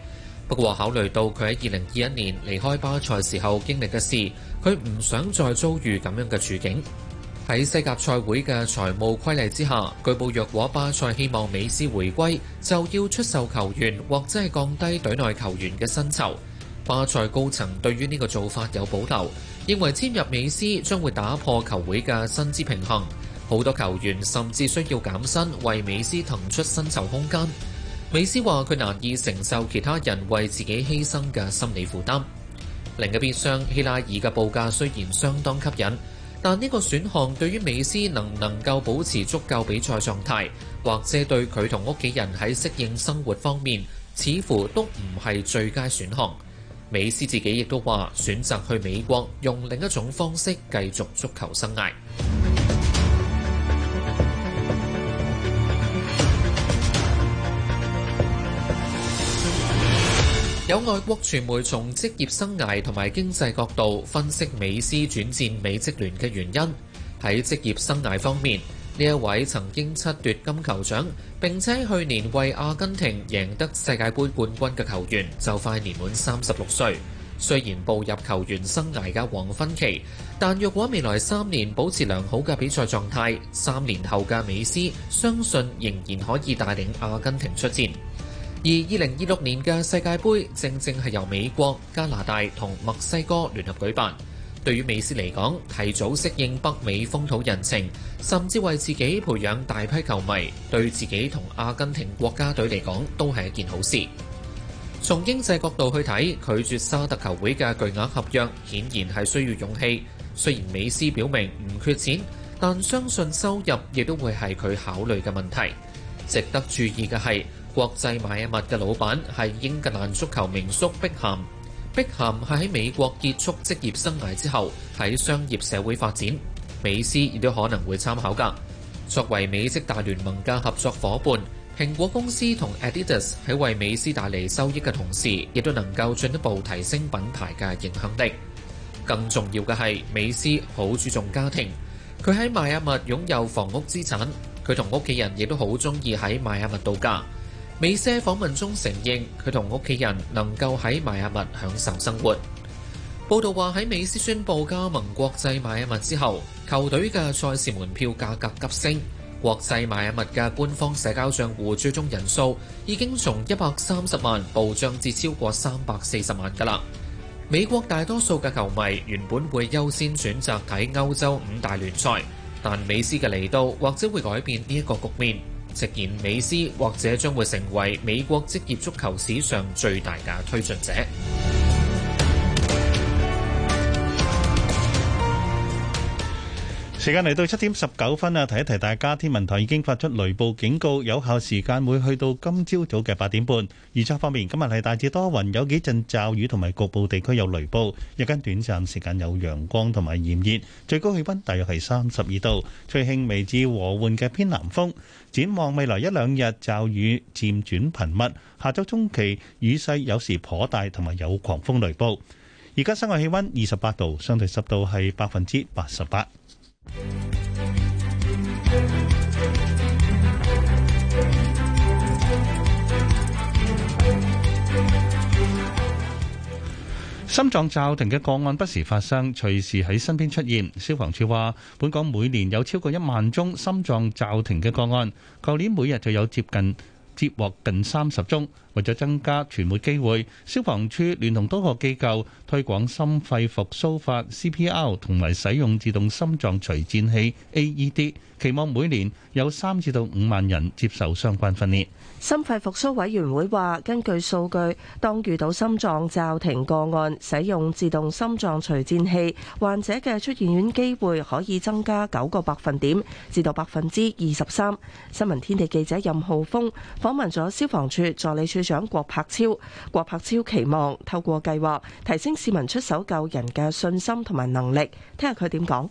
不過考慮到佢喺二零二一年離開巴塞時候經歷嘅事，佢唔想再遭遇咁樣嘅處境。喺西甲賽會嘅財務規例之下，據報若果巴塞希望美斯回歸，就要出售球員或者係降低隊內球員嘅薪酬。巴塞高層對於呢個做法有保留。認為簽入美斯將會打破球會嘅薪資平衡，好多球員甚至需要減薪，為美斯騰出薪酬空間。美斯話佢難以承受其他人為自己犧牲嘅心理負擔。另一邊廂希拉爾嘅報價雖然相當吸引，但呢個選項對於美斯能唔能夠保持足夠比賽狀態，或者對佢同屋企人喺適應生活方面，似乎都唔係最佳選項。美斯自己亦都話，選擇去美國用另一種方式繼續足球生涯。有外國傳媒從職業生涯同埋經濟角度分析美斯轉戰美職聯嘅原因。喺職業生涯方面。呢一位曾經七奪金球獎，並且去年為阿根廷贏得世界盃冠軍嘅球員，就快年滿三十六歲。雖然步入球員生涯嘅黃昏期，但若果未來三年保持良好嘅比賽狀態，三年後嘅美斯相信仍然可以帶領阿根廷出戰。而二零二六年嘅世界盃正正係由美國、加拿大同墨西哥聯合舉辦。對於美斯嚟講，提早適應北美風土人情，甚至為自己培養大批球迷，對自己同阿根廷國家隊嚟講都係一件好事。從經濟角度去睇，拒絕沙特球會嘅巨額合約，顯然係需要勇氣。雖然美斯表明唔缺錢，但相信收入亦都會係佢考慮嘅問題。值得注意嘅係，國際買物嘅老闆係英格蘭足球名宿碧咸。碧咸係喺美國結束職業生涯之後喺商業社會發展，美斯亦都可能會參考噶作為美職大聯盟嘅合作夥伴，蘋果公司同 Adidas 喺為美斯帶嚟收益嘅同時，亦都能夠進一步提升品牌嘅影響力。更重要嘅係，美斯好注重家庭，佢喺邁阿密擁有房屋資產，佢同屋企人亦都好中意喺邁阿密度假。美斯訪問中承認佢同屋企人能夠喺邁阿密享受生活。報道話喺美斯宣布加盟國際邁阿密之後，球隊嘅賽事門票價格急升。國際邁阿密嘅官方社交賬戶追蹤人數已經從一百三十萬暴漲至超過三百四十萬㗎啦。美國大多數嘅球迷原本會優先選擇睇歐洲五大聯賽，但美斯嘅嚟到或者會改變呢一個局面。直言，美斯或者將會成為美國職業足球史上最大嘅推進者。時間嚟到七點十九分啊！提一提大家，天文台已經發出雷暴警告，有效時間會去到今朝早嘅八點半。預測方面，今日係大致多雲，有幾陣驟雨，同埋局部地區有雷暴，日間短暫時間有陽光同埋炎熱，最高氣温大約係三十二度。吹輕微至和緩嘅偏南風。展望未來一兩日，驟雨漸轉頻密，下週中期雨勢有時頗大，同埋有狂風雷暴。而家室外氣温二十八度，相對濕度係百分之八十八。心臟驟停嘅個案不時發生，隨時喺身邊出現。消防處話，本港每年有超過一萬宗心臟驟停嘅個案，舊年每日就有接近接獲近三十宗。為咗增加存活機會，消防處聯同多個機構推廣心肺復甦法 （CPR） 同埋使用自動心臟除顫器 （AED），期望每年有三至到五萬人接受相關訓練。心肺復甦委員會話：根據數據，當遇到心臟驟停個案，使用自動心臟除顫器，患者嘅出院機會可以增加九個百分點至到百分之二十三。新聞天地記者任浩峰訪問咗消防處助理處長郭柏超，郭柏超期望透過計劃提升市民出手救人嘅信心同埋能力。聽下佢點講。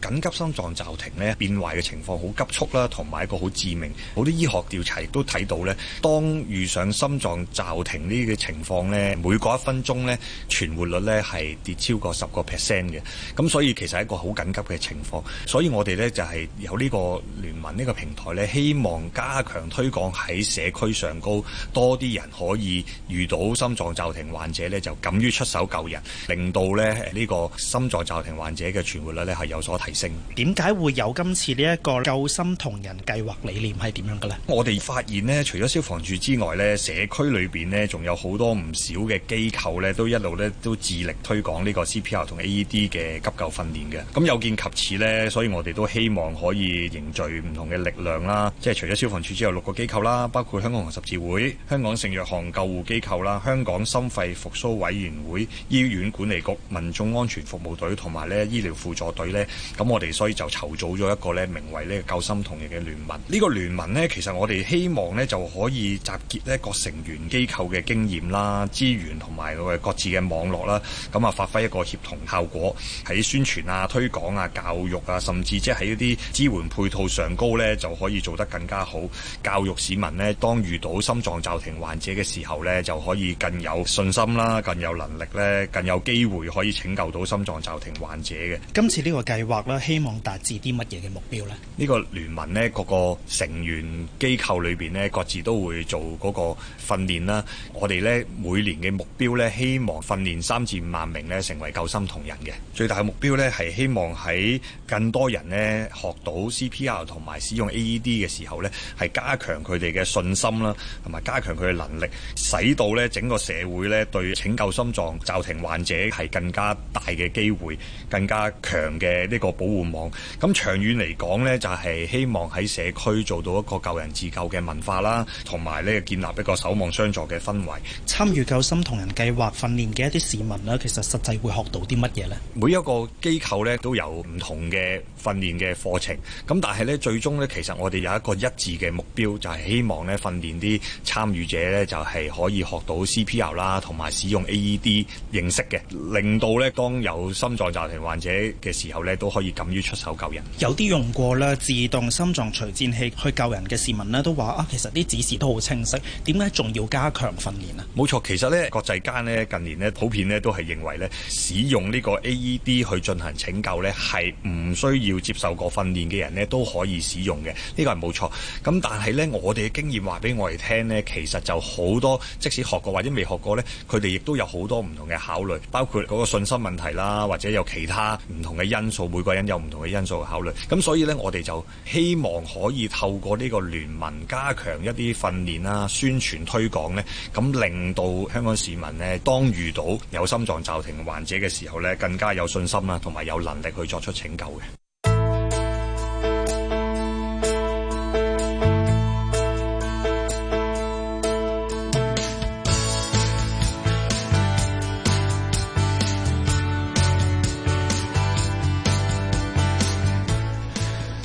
緊急心臟驟停咧變壞嘅情況好急促啦，同埋一個好致命。好多醫學調查亦都睇到咧，當遇上心臟驟停呢個情況咧，每個一分鐘咧，存活率咧係跌超過十個 percent 嘅。咁所以其實係一個好緊急嘅情況。所以我哋咧就係有呢個聯盟呢個平台咧，希望加強推廣喺社區上高，多啲人可以遇到心臟驟停患者咧就敢於出手救人，令到咧呢個心臟驟停患者嘅存活率咧係有所提。點解會有今次呢一個救心同人計劃，理念係點樣嘅呢？我哋發現咧，除咗消防處之外咧，社區裏邊咧仲有好多唔少嘅機構咧，都一路咧都致力推廣呢個 CPR 同 AED 嘅急救訓練嘅。咁有見及此呢，所以我哋都希望可以凝聚唔同嘅力量啦。即係除咗消防處之外，六個機構啦，包括香港紅十字會、香港聖約翰救護機構啦、香港心肺復甦委員會、醫院管理局、民眾安全服務隊同埋咧醫療輔助隊呢。咁我哋所以就籌組咗一個呢，名為呢個「救心同仁」嘅聯盟。呢個聯盟呢，其實我哋希望呢就可以集結呢各成員機構嘅經驗啦、資源同埋佢嘅各自嘅網絡啦，咁啊發揮一個協同效果喺宣傳啊、推廣啊、教育啊，甚至即係喺一啲支援配套上高呢，就可以做得更加好。教育市民呢，當遇到心臟驟停患者嘅時候呢，就可以更有信心啦、更有能力呢，更有機會可以拯救到心臟驟停患者嘅。今次呢個計劃，希望達至啲乜嘢嘅目標咧？呢個聯盟咧，各個成員機構裏邊咧，各自都會做嗰個訓練啦，我哋咧每年嘅目標咧，希望訓練三至五萬名咧成為救心同仁嘅。最大嘅目標咧，係希望喺更多人咧學到 CPR 同埋使用 AED 嘅時候咧，係加強佢哋嘅信心啦，同埋加強佢嘅能力，使到咧整個社會咧對拯救心臟驟停患者係更加大嘅機會，更加強嘅呢個。保護網，咁長遠嚟講呢，就係希望喺社區做到一個救人自救嘅文化啦，同埋呢建立一個守望相助嘅氛圍。參與救心同人計劃訓練嘅一啲市民呢，其實實際會學到啲乜嘢呢？每一個機構呢，都有唔同嘅訓練嘅課程，咁但係呢，最終呢，其實我哋有一個一致嘅目標，就係、是、希望呢訓練啲參與者呢，就係可以學到 CPR 啦，同埋使用 AED 認識嘅，令到呢當有心臟暫停患者嘅時候呢，都可。可以敢於出手救人。有啲用過啦自動心臟除顫器去救人嘅市民呢都話啊，其實啲指示都好清晰。點解仲要加強訓練啊？冇錯，其實呢國際間呢近年呢普遍呢都係認為呢使用呢個 AED 去進行拯救呢係唔需要接受過訓練嘅人呢都可以使用嘅。呢個係冇錯。咁但係呢，我哋嘅經驗話俾我哋聽呢，其實就好多即使學過或者未學過呢，佢哋亦都有好多唔同嘅考慮，包括嗰個信心問題啦，或者有其他唔同嘅因素，每個人有唔同嘅因素考慮，咁所以呢，我哋就希望可以透過呢個聯盟加強一啲訓練啦、啊、宣傳推廣呢，咁令到香港市民呢，當遇到有心臟驟停患者嘅時候呢，更加有信心啦、啊，同埋有能力去作出拯救嘅。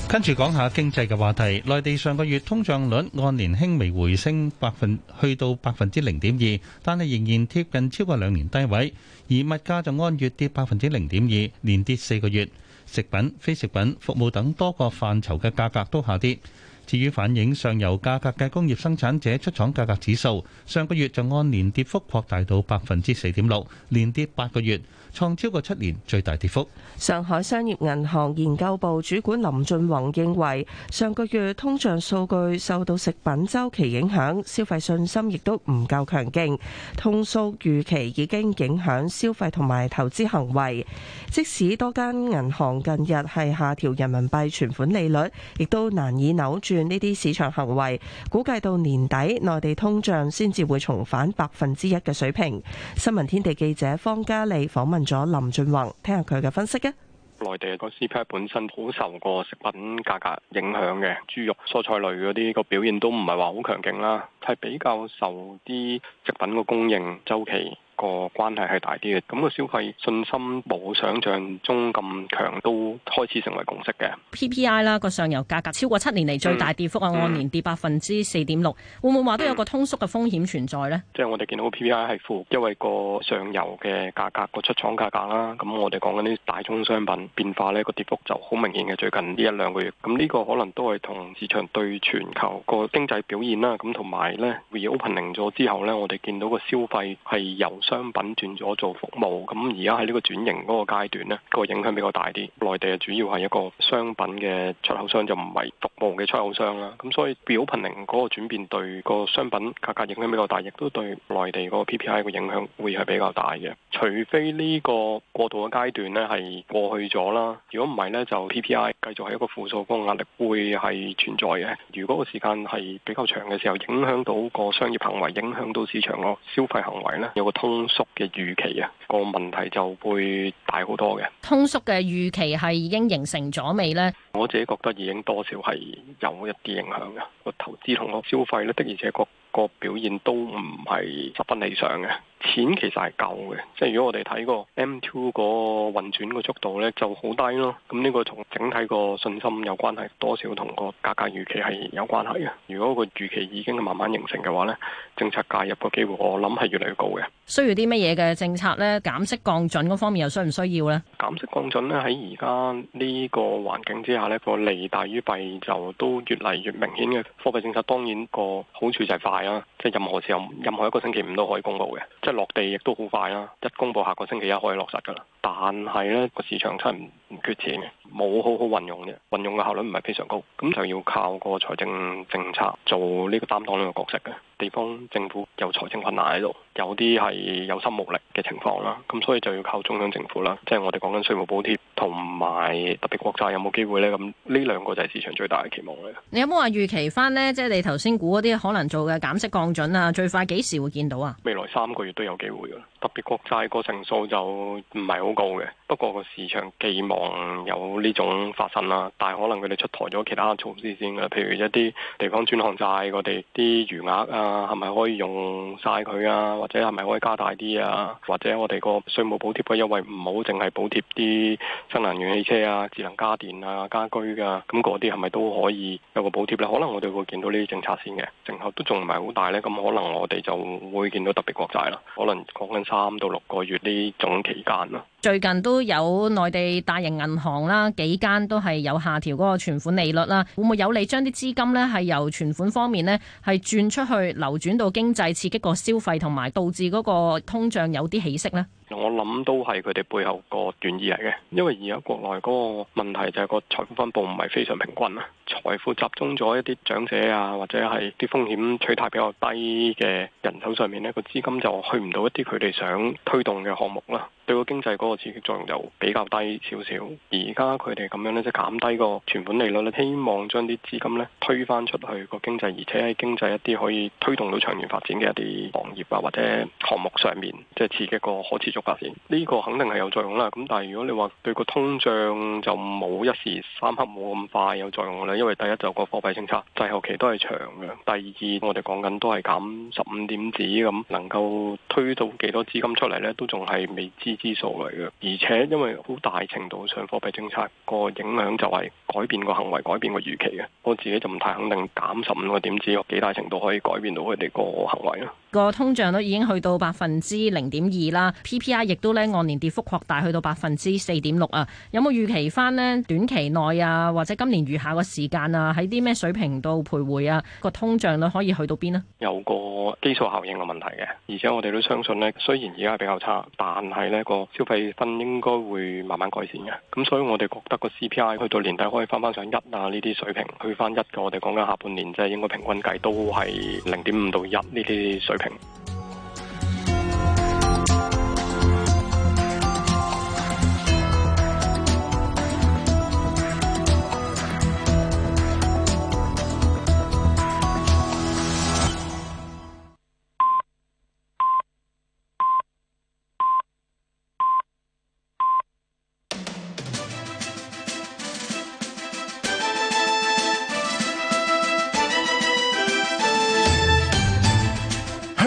跟住講下經濟嘅話題，內地上個月通脹率按年輕微回升百分，去到百分之零點二，但係仍然貼近超過兩年低位。而物價就按月跌百分之零點二，連跌四個月。食品、非食品、服務等多個範疇嘅價格都下跌。至於反映上游價格嘅工業生產者出廠價格指數，上個月就按年跌幅擴大到百分之四點六，連跌八個月，創超過七年最大跌幅。上海商業銀行研究部主管林俊宏認為，上個月通脹數據受到食品週期影響，消費信心亦都唔夠強勁，通縮預期已經影響消費同埋投資行為。即使多間銀行近日係下調人民幣存款利率，亦都難以扭轉。呢啲市場行為，估計到年底內地通脹先至會重返百分之一嘅水平。新聞天地記者方嘉莉訪問咗林俊宏，聽下佢嘅分析咧。內地個 CPI 本身好受個食品價格影響嘅，豬肉、蔬菜類嗰啲個表現都唔係話好強勁啦，係比較受啲食品個供應周期。個關係係大啲嘅，咁個消費信心冇想象中咁強，都開始成為共識嘅。PPI 啦，個上游價格超過七年嚟最大跌幅啊，嗯、按年跌百分之四點六，會唔會話都有個通縮嘅風險存在呢？即係我哋見到 PPI 係負，因為個上游嘅價格個出廠價格啦，咁我哋講緊啲大宗商品變化呢個跌幅就好明顯嘅。最近呢一兩個月，咁呢個可能都係同市場對全球個經濟表現啦，咁同埋呢 reopening 咗之後呢，我哋見到個消費係由商品轉咗做服務，咁而家喺呢個轉型嗰個階段呢、呢個影響比較大啲。內地啊，主要係一個商品嘅出口商，就唔係服務嘅出口商啦。咁所以，表頻零嗰個轉變對個商品價格，格影響比較大，亦都對內地嗰個 PPI 個影響會係比較大嘅。除非呢個過渡嘅階段呢係過去咗啦、那個，如果唔係呢，就 PPI 繼續係一個負數，嗰個壓力會係存在嘅。如果個時間係比較長嘅時候，影響到個商業行為，影響到市場囉，消費行為呢，有個通。通縮嘅預期啊，個問題就會大好多嘅。通縮嘅預期係已經形成咗未呢？我自己覺得已經多少係有一啲影響嘅。個投資同個消費咧，的而且確個表現都唔係十分理想嘅。錢其實係夠嘅，即係如果我哋睇個 M2 嗰個運轉個速度咧就好低咯，咁呢個同整體個信心有關係，多少同個價格預期係有關係嘅。如果個預期已經慢慢形成嘅話咧，政策介入個機會我諗係越嚟越高嘅。需要啲乜嘢嘅政策咧？減息降準嗰方面又需唔需要咧？減息降準咧喺而家呢個環境之下咧個利大於弊就都越嚟越明顯嘅。貨幣政策當然個好處就係快啦、啊，即係任何時候任何一個星期五都可以公布嘅，即係。落地亦都好快啦，一公布下個星期一可以落實噶啦。但係呢個市場真係唔缺錢嘅，冇好好運用嘅。運用嘅效率唔係非常高，咁就要靠個財政政策做呢個擔當呢個角色嘅。地方政府有財政困難喺度，有啲係有心無力嘅情況啦，咁所以就要靠中央政府啦。即係我哋講緊稅務補貼同埋特別國債有冇機會呢？咁呢兩個就係市場最大嘅期望咧。你有冇話預期翻呢？即係你頭先估嗰啲可能做嘅減息降準啊，最快幾時會見到啊？未來三個月都有機會㗎。特別國債個成數就唔係好高嘅，不過個市場寄望有呢種發生啦。但係可能佢哋出台咗其他措施先嘅，譬如一啲地方專項債，我哋啲餘額啊，係咪可以用晒佢啊？或者係咪可以加大啲啊？或者我哋個稅務補貼嘅優惠唔好淨係補貼啲新能源汽車啊、智能家電啊、家居㗎、啊，咁嗰啲係咪都可以有個補貼咧？可能我哋會見到呢啲政策先嘅，成效都仲唔係好大咧。咁可能我哋就會見到特別國債啦。可能講緊三到六個月呢種期間咯，最近都有內地大型銀行啦，幾間都係有下調嗰個存款利率啦。會唔會有利將啲資金呢？係由存款方面轉轉呢，係轉出去流轉到經濟刺激個消費，同埋導致嗰個通脹有啲起色呢？我諗都係佢哋背後個原因嚟嘅，因為而家國內嗰個問題就係個財富分布唔係非常平均啊，財富集中咗一啲長者啊，或者係啲風險取態比較低嘅人手上面，呢個資金就去唔到一啲佢哋想推動嘅項目啦，對個經濟嗰個刺激作用就比較低少少。而家佢哋咁樣呢，就減低個存款利率呢，希望將啲資金呢推返出去個經濟，而且喺經濟一啲可以推動到長遠發展嘅一啲行業啊，或者項目上面，即係刺激個可持。足發展呢個肯定係有作用啦。咁但係如果你話對個通脹就冇一時三刻冇咁快有作用啦。因為第一就個貨幣政策滯後期都係長嘅。第二我哋講緊都係減十五點子咁，能夠推到幾多資金出嚟呢，都仲係未知之數嚟嘅。而且因為好大程度上貨幣政策個影響就係改變個行為、改變個預期嘅。我自己就唔太肯定減十五個點子，幾大程度可以改變到佢哋個行為咧？個通脹都已經去到百分之零點二啦。CPI 亦都咧按年跌幅擴大，去到百分之四點六啊！有冇預期翻呢短期內啊，或者今年餘下個時間啊，喺啲咩水平度徘徊啊？個通脹咧可以去到邊呢？有個基數效應嘅問題嘅，而且我哋都相信呢雖然而家比較差，但係呢個消費分應該會慢慢改善嘅。咁所以我哋覺得個 CPI 去到年底可以翻翻上一啊呢啲水平，去翻一嘅。我哋講緊下半年即係應該平均計都係零點五到一呢啲水平。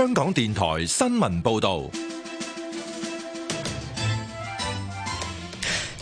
香港電台新聞報道。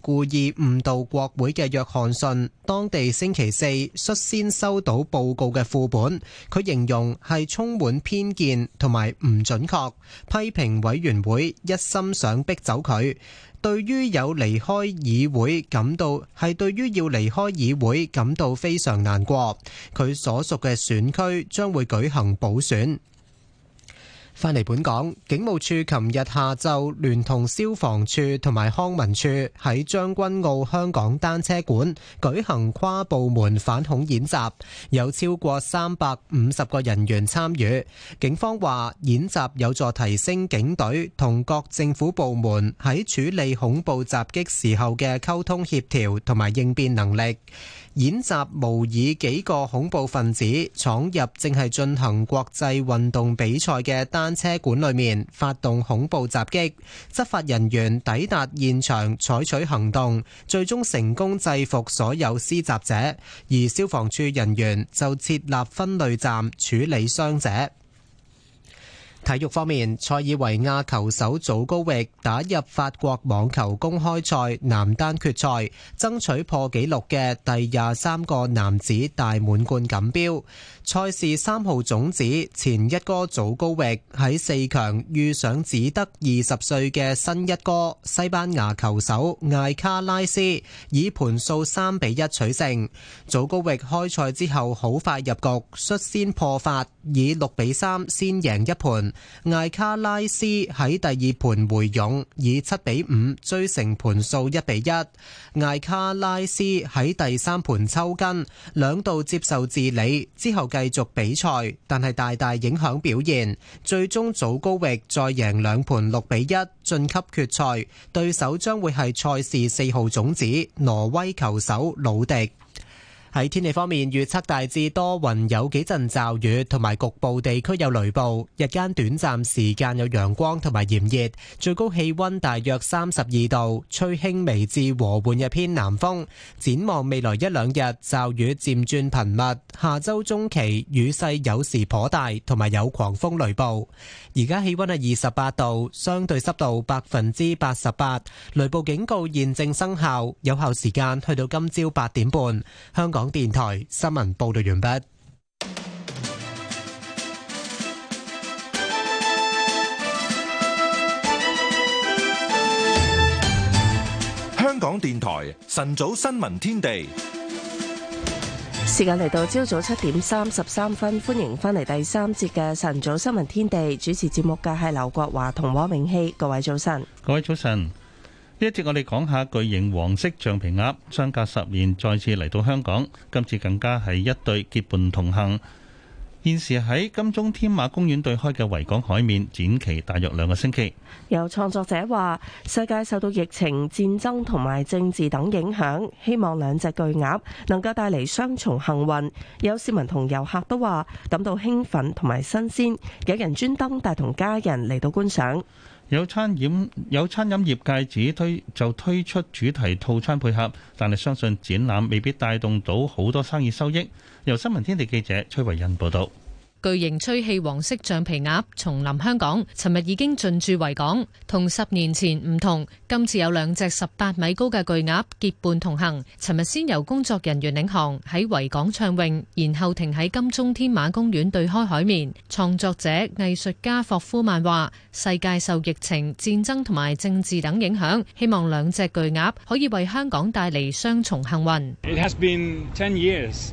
故意誤導國會嘅約翰遜，當地星期四率先收到報告嘅副本，佢形容係充滿偏見同埋唔準確，批評委員會一心想逼走佢。對於有離開議會感到係，係對於要離開議會感到非常難過。佢所屬嘅選區將會舉行補選。返嚟本港，警務處琴日下晝，聯同消防處同埋康文署喺將軍澳香港單車館舉行跨部門反恐演習，有超過三百五十個人員參與。警方話，演習有助提升警隊同各政府部門喺處理恐怖襲擊時候嘅溝通協調同埋應變能力。演習模擬幾個恐怖分子闖入正係進行國際運動比賽嘅單車館裏面，發動恐怖襲擊。執法人員抵達現場採取行動，最終成功制服所有施襲者。而消防處人員就設立分類站處理傷者。體育方面，塞爾維亞球手祖高域打入法國網球公開賽男單決賽，爭取破紀錄嘅第廿三個男子大滿貫錦標。賽事三號種子前一哥祖高域喺四強遇上只得二十歲嘅新一哥西班牙球手艾卡拉斯，以盤數三比一取勝。祖高域開賽之後好快入局，率先破發，以六比三先贏一盤。艾卡拉斯喺第二盤回勇，以七比五追成盤數一比一。艾卡拉斯喺第三盤抽筋，兩度接受治理之後繼續比賽，但係大大影響表現，最終早高域再贏兩盤六比一晉級決賽，對手將會係賽事四號種子挪威球手魯迪。喺天氣方面，預測大致多雲，有幾陣驟雨，同埋局部地區有雷暴。日間短暫時間有陽光，同埋炎熱，最高氣溫大約三十二度，吹輕微至和緩嘅偏南風。展望未來一兩日，驟雨漸轉頻密，下周中期雨勢有時頗大，同埋有狂風雷暴。而家氣溫係二十八度，相對濕度百分之八十八，雷暴警告現正生效，有效時間去到今朝八點半。香港，香港電台新聞報道完畢。香港電台晨早新聞天地，時間嚟到朝早七點三十三分，歡迎翻嚟第三節嘅晨早新聞天地，主持節目嘅係劉國華同黃明熙，各位早晨，各位早晨。呢一節我哋講下巨型黃色橡皮鴨，相隔十年再次嚟到香港，今次更加係一對結伴同行。現時喺金鐘添馬公園對開嘅維港海面展期大約兩個星期。有創作者話：世界受到疫情、戰爭同埋政治等影響，希望兩隻巨鴨能夠帶嚟雙重幸運。有市民同遊客都話感到興奮同埋新鮮，有人專登帶同家人嚟到觀賞。有餐飲有餐飲業界指推就推出主題套餐配合，但係相信展覽未必帶動到好多生意收益。由新聞天地記者崔維恩報道。巨型吹氣黃色橡皮鴨重臨香港，尋日已經進駐維港。同十年前唔同，今次有兩隻十八米高嘅巨鴨結伴同行。尋日先由工作人員領航喺維港暢泳，然後停喺金鐘天馬公園對開海面。創作者藝術家霍夫曼話：世界受疫情、戰爭同埋政治等影響，希望兩隻巨鴨可以為香港帶嚟雙重幸運。It has been ten years.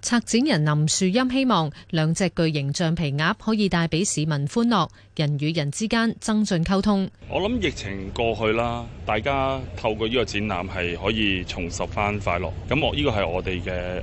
策展人林樹蔭希望兩隻巨型橡皮鴨可以帶俾市民歡樂，人與人之間增進溝通。我諗疫情過去啦，大家透過呢個展覽係可以重拾翻快樂咁、這個、我呢個係我哋嘅誒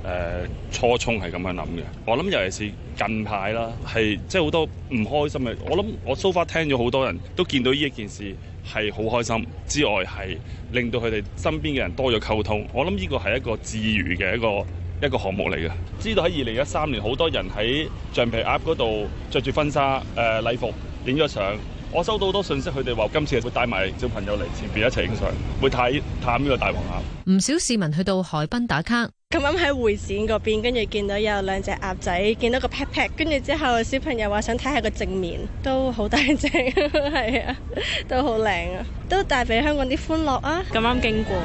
初衷，係咁樣諗嘅。我諗尤其是近排啦，係即係好多唔開心嘅。我諗我蘇、so、far 聽咗好多人都見到呢一件事。係好開心之外，係令到佢哋身邊嘅人多咗溝通。我諗呢個係一個治癒嘅一個一個項目嚟嘅。 知道喺二零一三年，好多人喺橡皮鴨嗰度着住婚紗誒、呃、禮服，影咗相。我收到好多信息，佢哋話今次會帶埋小朋友嚟，前邊一齊影相，會睇探呢個大黃鴨。唔少市民去到海濱打卡，咁啱喺會展嗰邊，跟住見到有兩隻鴨仔，見到個 pat pat，跟住之後小朋友話想睇下個正面，都好大隻，係 啊，都好靚啊，都帶俾香港啲歡樂啊。咁啱經過，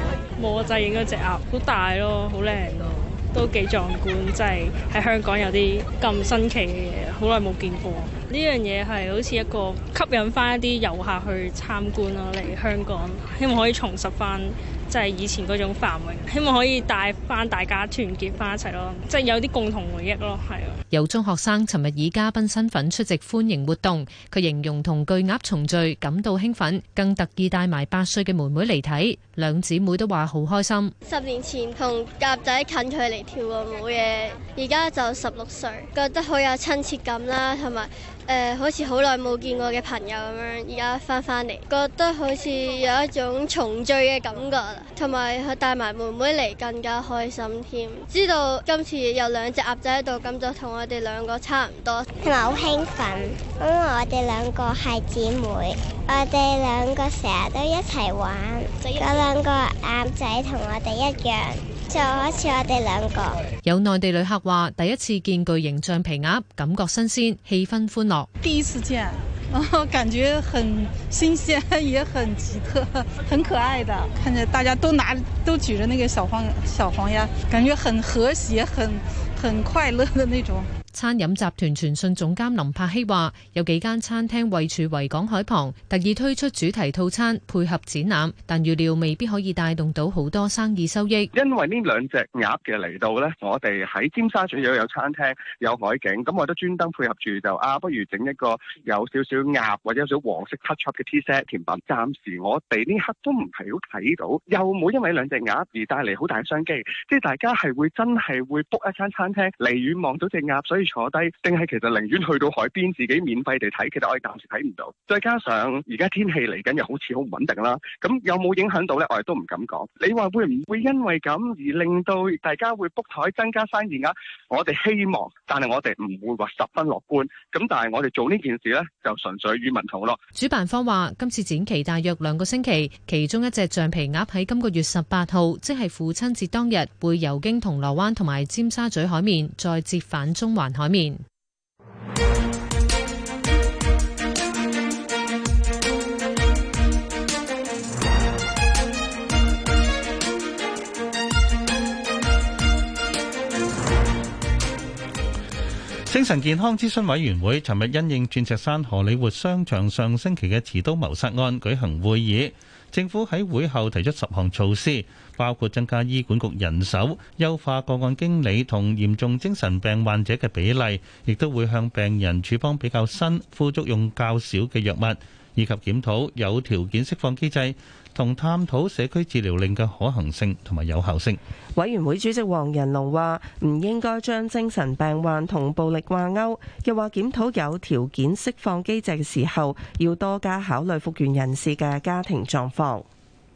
冇啊，就影咗隻鴨，好大咯，好靚咯。都幾壯觀，真係喺香港有啲咁新奇嘅嘢，好耐冇見過。呢樣嘢係好似一個吸引翻一啲遊客去參觀咯，嚟香港希望可以重拾翻。就係以前嗰種範圍，希望可以帶翻大家團結翻一齊咯，即係有啲共同回憶咯，係啊！有中學生尋日以嘉賓身份出席歡迎活動，佢形容同巨鴨重聚感到興奮，更特意帶埋八歲嘅妹妹嚟睇，兩姊妹都話好開心。十年前同鴨仔近距離跳過舞嘅，而家就十六歲，覺得好有親切感啦，同埋。誒、呃，好似好耐冇見過嘅朋友咁樣，而家翻翻嚟，覺得好似有一種重聚嘅感覺，同埋佢帶埋妹妹嚟更加開心添。知道今次有兩隻鴨仔喺度，咁就同我哋兩個差唔多，同埋好興奮，因我哋兩個係姊妹，我哋兩個成日都一齊玩，嗰兩以個鴨仔同我哋一樣。就好似我哋兩個。有內地旅客話：第一次見巨型橡皮鴨，感覺新鮮，氣氛歡樂。第一次見啊，我感覺很新鮮，也很奇特，很可愛的。看着大家都拿都舉着那個小黃小黃鴨，感覺很和諧，很很快樂的那種。餐飲集團傳訊總監林柏希話：有幾間餐廳位處維港海旁，特意推出主題套餐配合展覽，但預料未必可以帶動到好多生意收益。因為呢兩隻鴨嘅嚟到呢，我哋喺尖沙咀又有餐廳有海景，咁我都專登配合住就啊，不如整一個有少少鴨或者有少少黃色 touch up 嘅 t-shirt 甜品。暫時我哋呢刻都唔係好睇到又冇因為兩隻鴨而帶嚟好大嘅商機，即係大家係會真係會 book 一餐餐廳離遠望到隻鴨，所以。坐低，定係其實寧願去到海邊自己免費地睇，其實我哋暫時睇唔到。再加上而家天氣嚟緊又好似好唔穩定啦，咁有冇影響到呢？我哋都唔敢講。你話會唔會因為咁而令到大家會 book 台增加生意啊？我哋希望，但係我哋唔會話十分樂觀。咁但係我哋做呢件事呢，就純粹與民同樂。主辦方話今次展期大約兩個星期，其中一隻橡皮鴨喺今個月十八號，即係父親節當日，會游經銅鑼灣同埋尖沙咀海面，再折返中環。海面。精神健康諮詢委員會尋日因應鑽石山荷里活商場上星期嘅持刀謀殺案舉行會議。政府喺會後提出十項措施，包括增加醫管局人手、優化個案經理同嚴重精神病患者嘅比例，亦都會向病人處方比較新、副作用較少嘅藥物。以及檢討有條件釋放機制，同探討社區治療令嘅可行性同埋有效性。委員會主席黃仁龍話：唔應該將精神病患同暴力掛鈎，又話檢討有條件釋放機制嘅時候，要多加考慮復原人士嘅家庭狀況。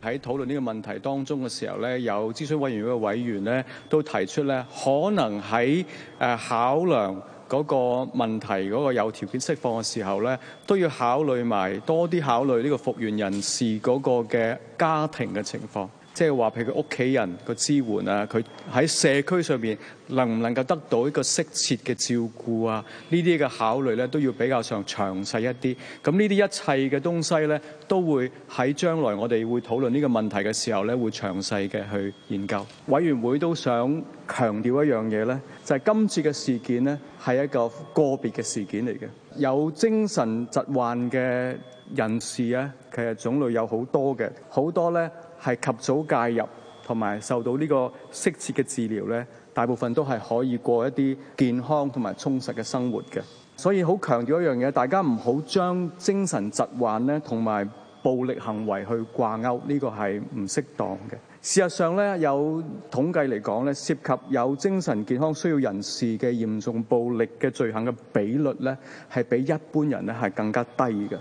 喺討論呢個問題當中嘅時候呢，有諮詢委員會嘅委員呢都提出呢可能喺誒考量。嗰個問題，嗰個有條件釋放嘅時候咧，都要考慮埋多啲考慮呢個復原人士嗰個嘅家庭嘅情況。即係話，譬如佢屋企人個支援啊，佢喺社區上面能唔能夠得到一個適切嘅照顧啊？呢啲嘅考慮咧，都要比較上詳細一啲。咁呢啲一切嘅東西咧，都會喺將來我哋會討論呢個問題嘅時候咧，會詳細嘅去研究。委員會都想強調一樣嘢咧，就係今次嘅事件咧，係一個個別嘅事件嚟嘅。有精神疾患嘅人士啊，其實種類有好多嘅，好多咧。係及早介入同埋受到呢個適切嘅治療咧，大部分都係可以過一啲健康同埋充實嘅生活嘅。所以好強調一樣嘢，大家唔好將精神疾患咧同埋暴力行為去掛鈎，呢個係唔適當嘅。事實上咧，有統計嚟講咧，涉及有精神健康需要人士嘅嚴重暴力嘅罪行嘅比率咧，係比一般人咧係更加低嘅。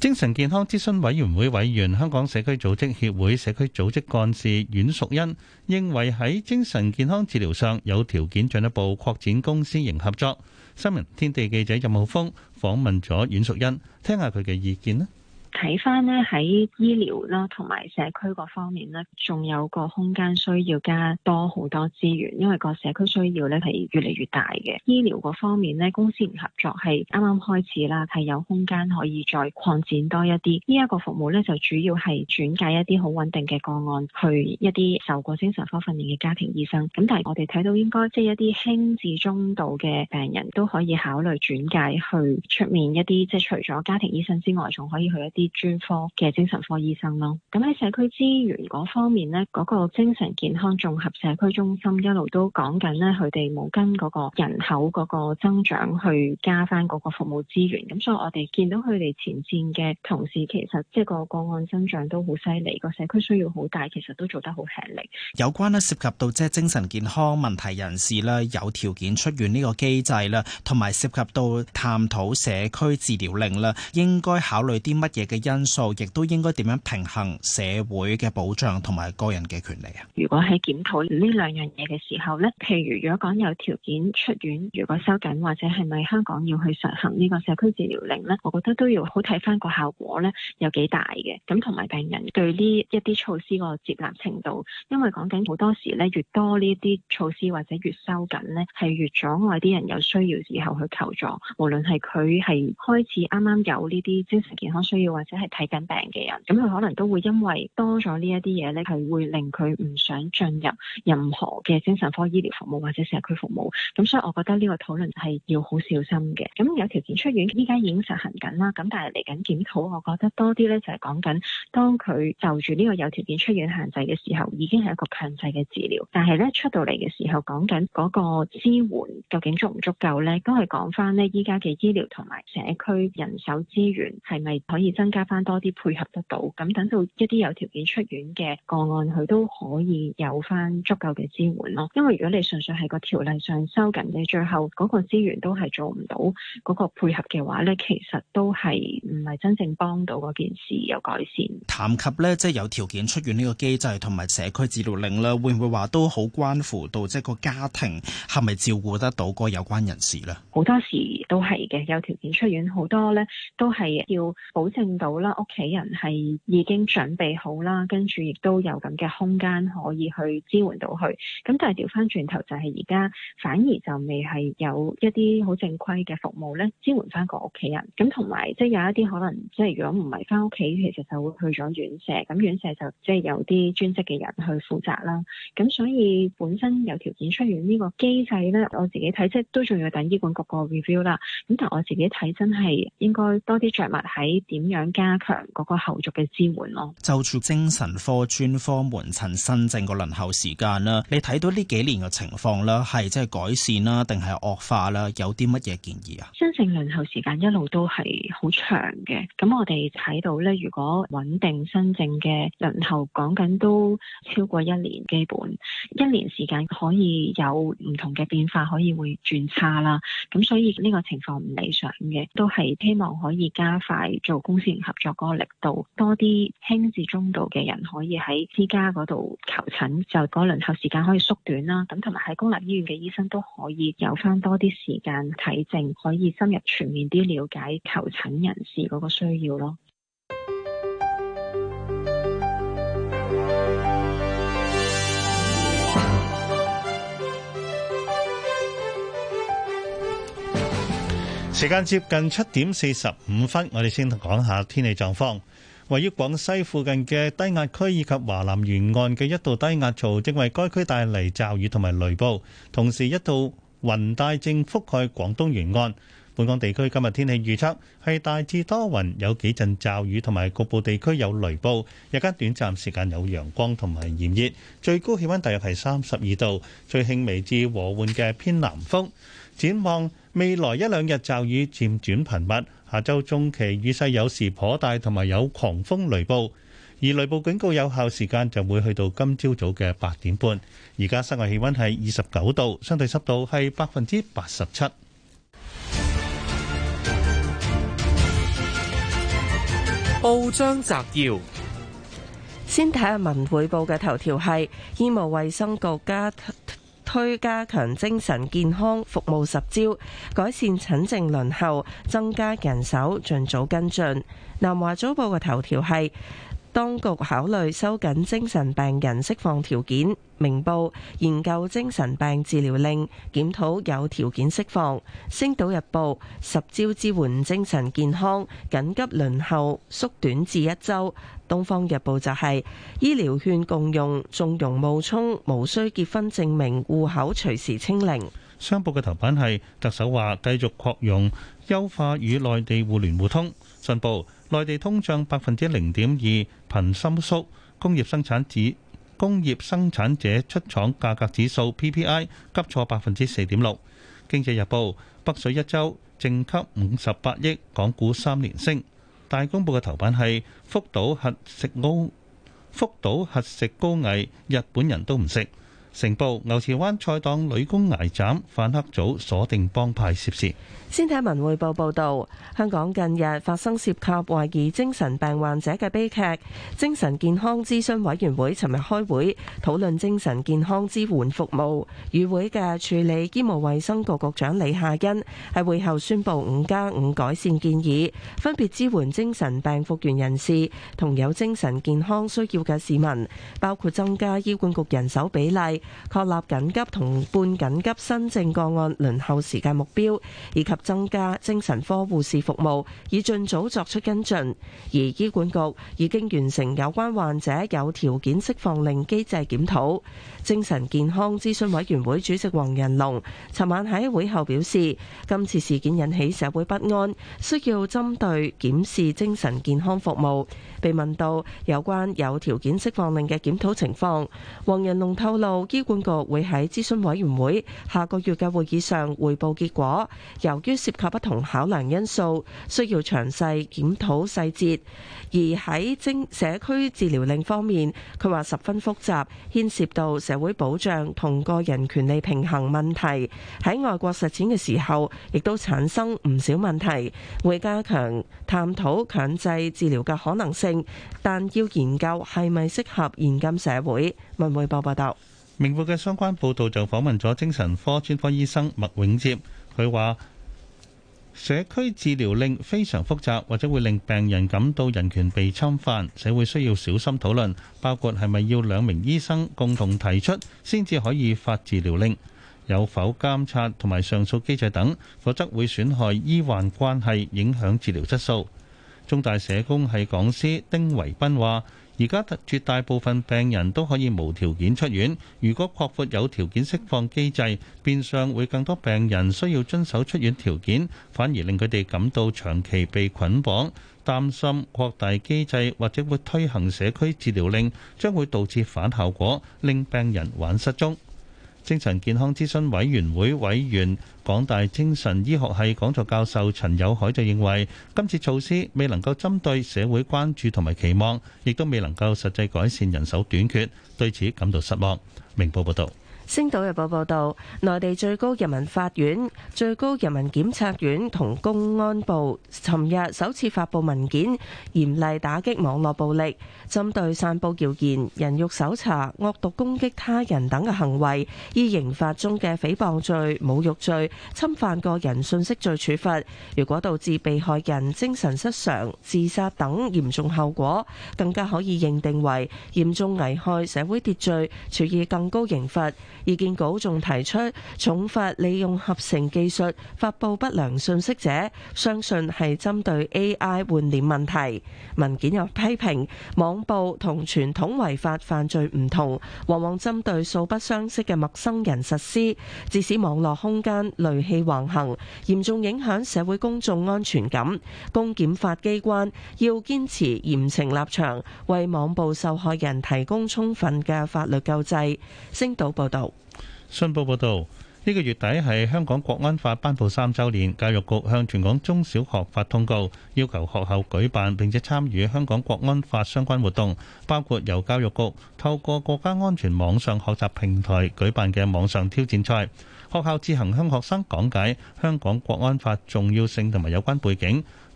精神健康諮詢委員會委員、香港社區組織協會社區組織幹事阮淑欣認為喺精神健康治療上有條件進一步擴展公私營合作。新聞天地記者任浩峰訪問咗阮淑欣，聽下佢嘅意見啦。睇翻咧喺醫療啦同埋社區嗰方面咧，仲有個空間需要加多好多資源，因為個社區需要咧係越嚟越大嘅。醫療嗰方面咧，公司唔合作係啱啱開始啦，係有空間可以再擴展多一啲。呢一個服務咧就主要係轉介一啲好穩定嘅個案去一啲受過精神科訓練嘅家庭醫生。咁但係我哋睇到應該即係一啲輕至中度嘅病人都可以考慮轉介去出面一啲，即係除咗家庭醫生之外，仲可以去一啲。專科嘅精神科醫生咯，咁喺社區資源嗰方面咧，嗰個精神健康綜合社區中心一路都講緊咧，佢哋冇跟嗰個人口嗰個增長去加翻嗰個服務資源，咁所以我哋見到佢哋前線嘅同事，其實即係個個案增長都好犀利，個社區需要好大，其實都做得好吃力。有關咧涉及到即係精神健康問題人士咧，有條件出院呢個機制啦，同埋涉及到探討社區治療令啦，應該考慮啲乜嘢？嘅因素亦都應該點樣平衡社會嘅保障同埋個人嘅權利啊？如果喺檢討呢兩樣嘢嘅時候咧，譬如如果講有條件出院，如果收緊或者係咪香港要去實行呢個社區治療令咧，我覺得都要好睇翻，個效果咧有幾大嘅，咁同埋病人對呢一啲措施個接納程度，因為講緊好多時咧，越多呢一啲措施或者越收緊咧，係越阻礙啲人有需要時候去求助，無論係佢係開始啱啱有呢啲精神健康需要。或者係睇緊病嘅人，咁佢可能都會因為多咗呢一啲嘢呢係會令佢唔想進入任何嘅精神科醫療服務或者社區服務。咁所以，我覺得呢個討論係要好小心嘅。咁有條件出院，依家已經實行緊啦。咁但係嚟緊檢討，我覺得多啲呢就係講緊當佢就住呢個有條件出院限制嘅時候，已經係一個強制嘅治療。但係呢，出到嚟嘅時候，講緊嗰個支援究竟足唔足夠呢？都係講翻呢，依家嘅醫療同埋社區人手資源係咪可以增？增加翻多啲配合得到，咁等到一啲有條件出院嘅個案，佢都可以有翻足夠嘅支援咯。因為如果你純粹係個條例上收緊嘅，最後嗰個資源都係做唔到嗰個配合嘅話咧，其實都係唔係真正幫到嗰件事有改善。談及咧，即係有條件出院呢個機制同埋社區治療令啦，會唔會話都好關乎到即係個家庭係咪照顧得到嗰個有關人士咧？好多時都係嘅，有條件出院好多咧，都係要保證。到啦，屋企人係已經準備好啦，跟住亦都有咁嘅空間可以去支援到佢。咁但係調翻轉頭就係而家反而就未係有一啲好正規嘅服務咧支援翻個屋企人。咁同埋即係有一啲可能，即係如果唔係翻屋企，其實就會去咗院舍。咁院舍就即係有啲專職嘅人去負責啦。咁所以本身有條件出院呢個機制咧，我自己睇即係都仲要等醫管局個 review 啦。咁但係我自己睇真係應該多啲著墨喺點樣。加強嗰個後續嘅支援咯。就住精神科專科門診新症個輪候時間啦，你睇到呢幾年嘅情況啦，係即係改善啦，定係惡化啦？有啲乜嘢建議啊？新症輪候時間一路都係好長嘅。咁我哋睇到咧，如果穩定新症嘅輪候，講緊都超過一年，基本一年時間可以有唔同嘅變化，可以會轉差啦。咁所以呢個情況唔理想嘅，都係希望可以加快做公司合作嗰個力度多啲，輕至中度嘅人可以喺私家嗰度求診，就嗰輪候時間可以縮短啦。咁同埋喺公立醫院嘅醫生都可以有翻多啲時間睇症，可以深入全面啲了解求診人士嗰個需要咯。時間接近七點四十五分，我哋先講下天氣狀況。位於廣西附近嘅低壓區以及華南沿岸嘅一道低壓槽，正為該區帶嚟驟雨同埋雷暴。同時，一道雲帶正覆蓋廣東沿岸。本港地區今日天氣預測係大致多雲，有幾陣驟雨，同埋局部地區有雷暴。日間短暫時間有陽光同埋炎熱，最高氣温大約係三十二度，最輕微至和緩嘅偏南風。展望。未來一兩日驟雨漸轉頻密，下周中期雨勢有時頗大，同埋有狂風雷暴，而雷暴警告有效時間就會去到今朝早嘅八點半。而家室外氣溫係二十九度，相對濕度係百分之八十七。報章摘要，先睇下文匯報嘅頭條係，醫務衛生局加。推加強精神健康服務十招，改善診症輪候，增加人手，盡早跟進。南華早報嘅頭條係：當局考慮收緊精神病人釋放條件，明報研究精神病治療令，檢討有條件釋放。星島日報十招支援精神健康，緊急輪候縮短至一周。東方日報就係、是、醫療券共用縱容冒充，無需結婚證明戶，戶口隨時清零。商報嘅頭版係特首話繼續擴容、優化與內地互聯互通。信報。內地通脹百分之零點二，貧心縮，工業生產指工業生產者出廠價格指數 PPI 急挫百分之四點六。經濟日報，北水一周淨吸五十八億，港股三連升。大公報嘅頭版係福島核食高，福島核食高危，日本人都唔食。成報，牛池灣菜檔女工挨斬，反黑組鎖定幫派涉事。先睇文匯報報道，香港近日發生涉及懷疑精神病患者嘅悲劇。精神健康諮詢委員會尋日開會討論精神健康支援服務，與會嘅處理醫務衛生局局長李夏欣喺會後宣布五加五改善建議，分別支援精神病復原人士同有精神健康需要嘅市民，包括增加醫管局人手比例確立緊急同半緊急新症個案輪候時間目標，以及增加精神科護士服務，以盡早作出跟進。而醫管局已經完成有關患者有條件釋放令機制檢討。精神健康諮詢委員會主席黃仁龍尋晚喺會後表示，今次事件引起社會不安，需要針對檢視精神健康服務。被問到有關有條件釋放令嘅檢討情況，黃仁龍透露，醫管局會喺諮詢委員會下個月嘅會議上匯報結果。由於涉及不同考量因素，需要詳細檢討細節。而喺精社區治療令方面，佢話十分複雜，牽涉到社會保障同個人權利平衡問題，喺外國實踐嘅時候，亦都產生唔少問題，會加強探討強制治療嘅可能性，但要研究係咪適合現今社會。文匯報報道，明報嘅相關報道就訪問咗精神科專科醫生麥永接，佢話。社區治療令非常複雜，或者會令病人感到人權被侵犯，社會需要小心討論，包括係咪要兩名醫生共同提出先至可以發治療令，有否監察同埋上訴機制等，否則會損害醫患關係，影響治療質素。中大社工系講師丁維斌話。而家絕大部分病人都可以無條件出院。如果擴闊有條件釋放機制，變相會更多病人需要遵守出院條件，反而令佢哋感到長期被捆綁，擔心擴大機制或者會推行社區治療令，將會導致反效果，令病人玩失蹤。精神健康諮詢委員會委員、港大精神醫學系講座教授陳友凱就認為，今次措施未能夠針對社會關注同埋期望，亦都未能夠實際改善人手短缺，對此感到失望。明報報道。星島日報報道，內地最高人民法院、最高人民檢察院，同公安部，尋日首次發佈文件，嚴厲打擊網絡暴力，針對散佈謠言、人肉搜查、惡毒攻擊他人等嘅行為，依刑法中的誹謗罪、侮辱罪、侵犯個人信息罪處罰。如果導致被害人精神失常、自殺等嚴重後果，更加可以認定為嚴重危害社會秩序，處以更高刑罰。意見稿仲提出重罰利用合成技術發布不良信息者，相信係針對 AI 換臉問題。文件又批評網暴同傳統違法犯罪唔同，往往針對素不相識嘅陌生人實施，致使網絡空間戾氣橫行，嚴重影響社會公眾安全感。公檢法機關要堅持嚴懲立場，為網暴受害人提供充分嘅法律救濟。星島報道。信報報導，呢個月底係香港國安法頒布三週年，教育局向全港中小學發通告，要求學校舉辦並且參與香港國安法相關活動，包括由教育局透過國家安全網上學習平台舉辦嘅網上挑戰賽，學校自行向學生講解香港國安法重要性同埋有關背景。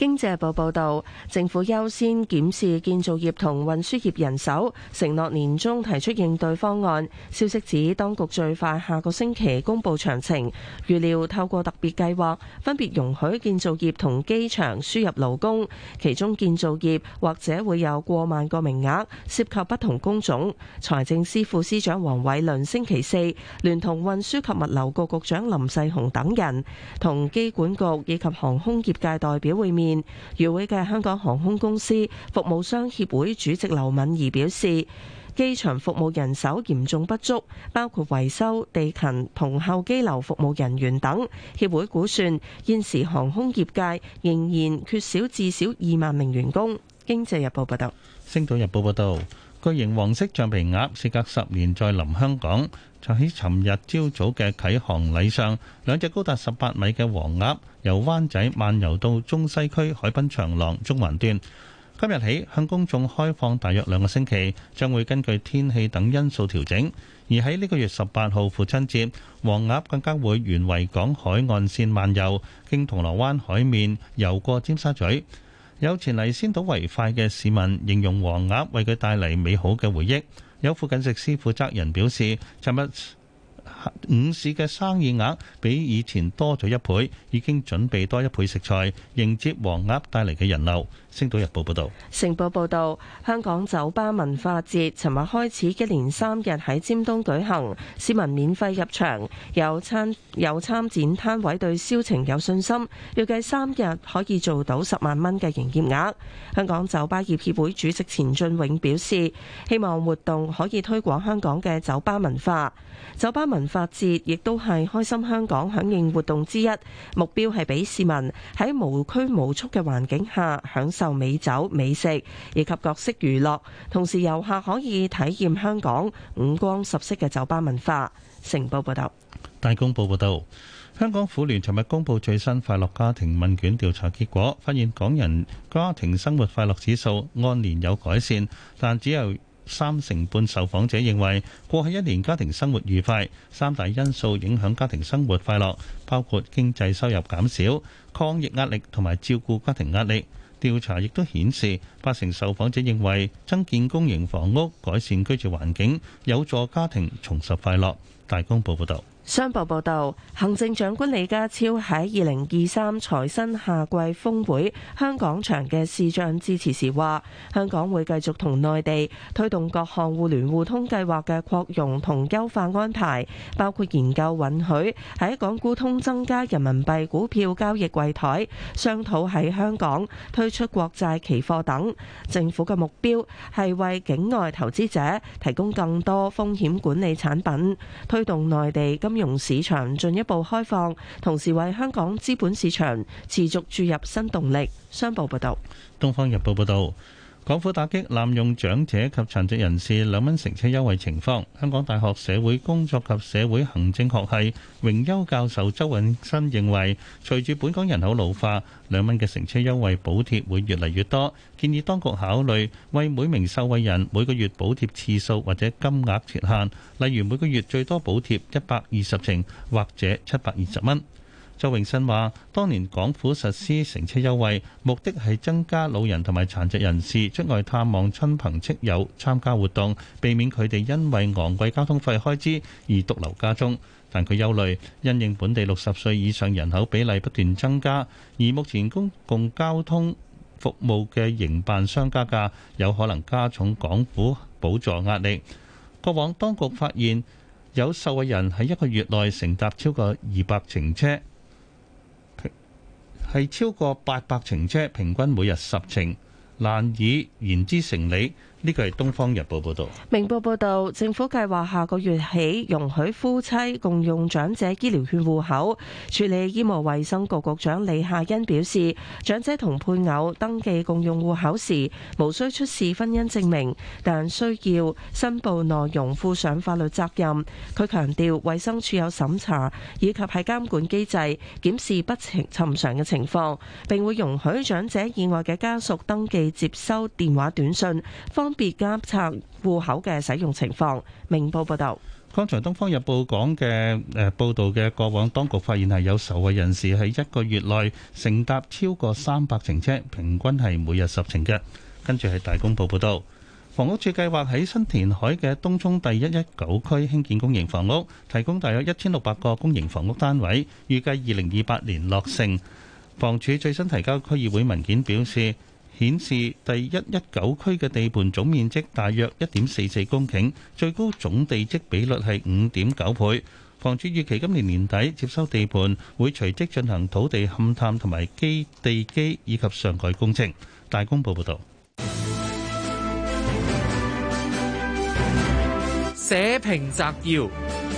《經濟報》報導，政府優先檢視建造業同運輸業人手，承諾年中提出應對方案。消息指，當局最快下個星期公布詳情，預料透過特別計劃，分別容許建造業同機場輸入勞工，其中建造業或者會有過萬個名額，涉及不同工種。財政司副司長黃偉綸星期四聯同運輸及物流局局長林世雄等人，同機管局以及航空業界代表會面。與會嘅香港航空公司服務商協會主席劉敏儀表示，機場服務人手嚴重不足，包括維修、地勤同候機樓服務人員等。協會估算，現時航空業界仍然缺少至少二萬名員工。經濟日報報道，星島日報報道。巨型黃色橡皮鴨時隔十年再臨香港。就喺尋日朝早嘅啟航禮上，兩隻高達十八米嘅黃鴨由灣仔漫遊到中西區海濱長廊中環段。今日起向公眾開放大約兩個星期，將會根據天氣等因素調整。而喺呢個月十八號父親節，黃鴨更加會沿維港海岸線漫遊，經銅鑼灣海面遊過尖沙咀。有前嚟先睹為快嘅市民形容黃鴨為佢帶嚟美好嘅回憶。有附近食肆負責人表示，尋日午市嘅生意額比以前多咗一倍，已經準備多一倍食材迎接黃鴨帶嚟嘅人流。星島日報報道，成報報道，香港酒吧文化節尋日開始，一連三日喺尖東舉行，市民免費入場，有參有參展攤位對銷情有信心，預計三日可以做到十萬蚊嘅營業額。香港酒吧業協會主席錢俊永表示，希望活動可以推廣香港嘅酒吧文化。酒吧文化節亦都係開心香港響應活動之一，目標係俾市民喺無拘無束嘅環境下享受就美酒、美食，以及各式娛樂，同時遊客可以體驗香港五光十色嘅酒吧文化。成報報道，大公報報道，香港婦聯尋日公布最新快樂家庭問卷調查結果，發現港人家庭生活快樂指數按年有改善，但只有三成半受訪者認為過去一年家庭生活愉快。三大因素影響家庭生活快樂，包括經濟收入減少、抗疫壓力同埋照顧家庭壓力。調查亦都顯示，八成受訪者認為增建公營房屋改善居住環境，有助家庭重拾快樂。大公報報道。商報報道，行政長官李家超喺二零二三財新夏季峰會香港場嘅視像致辭時話，香港會繼續同內地推動各項互聯互通計劃嘅擴容同優化安排，包括研究允許喺港股通增加人民幣股票交易櫃台，商討喺香港推出國債期貨等。政府嘅目標係為境外投資者提供更多風險管理產品，推動內地今。金融市場進一步開放，同時為香港資本市場持續注入新動力。商報報道，《東方日報》報道。港府打擊濫用長者及殘疾人士兩蚊乘車優惠情況，香港大學社會工作及社會行政學系榮休教授周永新認為，隨住本港人口老化，兩蚊嘅乘車優惠補貼會越嚟越多，建議當局考慮為每名受惠人每個月補貼次數或者金額設限，例如每個月最多補貼一百二十程或者七百二十蚊。周永新話，當年港府實施乘車優惠，目的係增加老人同埋殘疾人士出外探望親朋戚友、參加活動，避免佢哋因為昂貴交通費開支而獨留家中。但佢憂慮，因應本地六十歲以上人口比例不斷增加，而目前公共交通服務嘅營辦商加價有可能加重港府補助壓力。過往當局發現有受惠人喺一個月內乘搭超過二百程車。係超過八百程車，平均每日十程，難以言之成理。呢個係東方日報報道。明報報道，政府計劃下個月起容許夫妻共用長者醫療券戶口。處理醫務衛生局局長李夏茵表示，長者同配偶登記共用戶口時，無需出示婚姻證明，但需要申報內容負上法律責任。佢強調衛生署有審查以及喺監管機制檢視不尋常嘅情況，並會容許長者以外嘅家屬登記接收電話短信。方。分別監測戶口嘅使用情況。明報報道，剛才《東方日報》講嘅誒，報道嘅過往，當局發現係有受惠人士喺一個月內乘搭超過三百程車，平均係每日十程嘅。跟住係大公報報道，房屋署計劃喺新田海嘅東涌第一一九區興建公營房屋，提供大約一千六百個公營房屋單位，預計二零二八年落成。房署最新提交區議會文件表示。顯示第一一九區嘅地盤總面積大約一點四四公頃，最高總地積比率係五點九倍。房署預期今年年底接收地盤，會隨即進行土地勘探同埋基地基以及上蓋工程。大公報報道。社評摘要。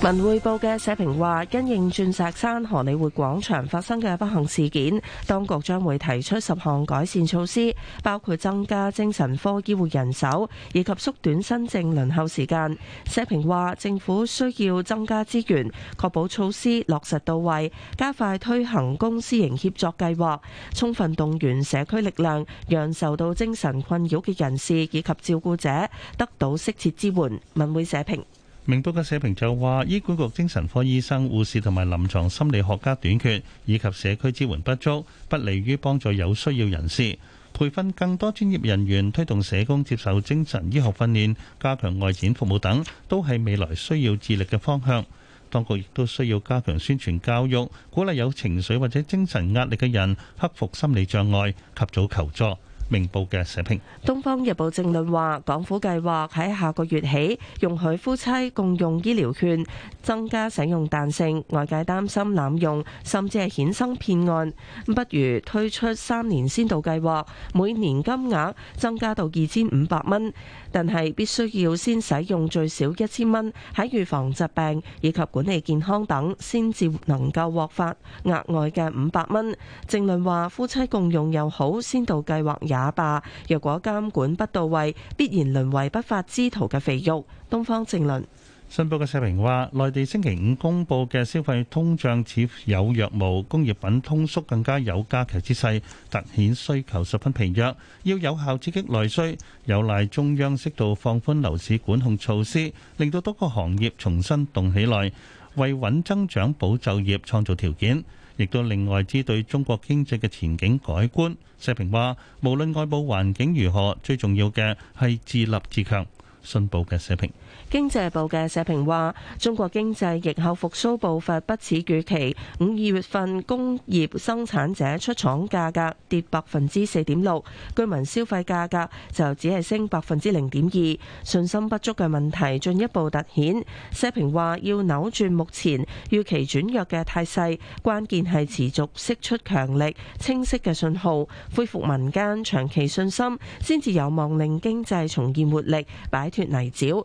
文匯報嘅社評話，因應鑽石山荷里活廣場發生嘅不幸事件，當局將會提出十項改善措施，包括增加精神科醫護人手以及縮短新症輪候時間。社評話，政府需要增加資源，確保措施落實到位，加快推行公私營協作計劃，充分動員社區力量，讓受到精神困擾嘅人士以及照顧者得到適切支援。文匯社評。明報嘅社評就話，醫管局精神科醫生、護士同埋臨床心理學家短缺，以及社區支援不足，不利於幫助有需要人士。培訓更多專業人員，推動社工接受精神醫學訓練，加強外展服務等，都係未來需要致力嘅方向。當局亦都需要加強宣傳教育，鼓勵有情緒或者精神壓力嘅人克服心理障礙，及早求助。明報嘅社評，《東方日報》正論話，港府計劃喺下個月起容許夫妻共用醫療券，增加使用彈性。外界擔心濫用，甚至係衍生騙案。不如推出三年先導計劃，每年金額增加到二千五百蚊。但係必須要先使用最少一千蚊喺預防疾病以及管理健康等，先至能夠獲發額外嘅五百蚊。正論話夫妻共用又好，先導計劃也罷。若果監管不到位，必然淪為不法之徒嘅肥肉。東方正論。信報嘅社評話，內地星期五公佈嘅消費通脹似有若無，工業品通縮更加有加劇之勢，突顯需求十分疲弱，要有效刺激內需，有賴中央適度放寬樓市管控措施，令到多個行業重新動起來，為穩增長、保就業創造條件，亦都另外之對中國經濟嘅前景改觀。社評話，無論外部環境如何，最重要嘅係自立自強。信報嘅社評。經濟部嘅社評話，中國經濟逆後復甦步伐不似預期。五月份工業生產者出廠價格跌百分之四點六，居民消費價格就只係升百分之零點二，信心不足嘅問題進一步突顯。社評話，要扭轉目前預期轉弱嘅態勢，關鍵係持續釋出強力清晰嘅信號，恢復民間長期信心，先至有望令經濟重現活力，擺脱泥沼。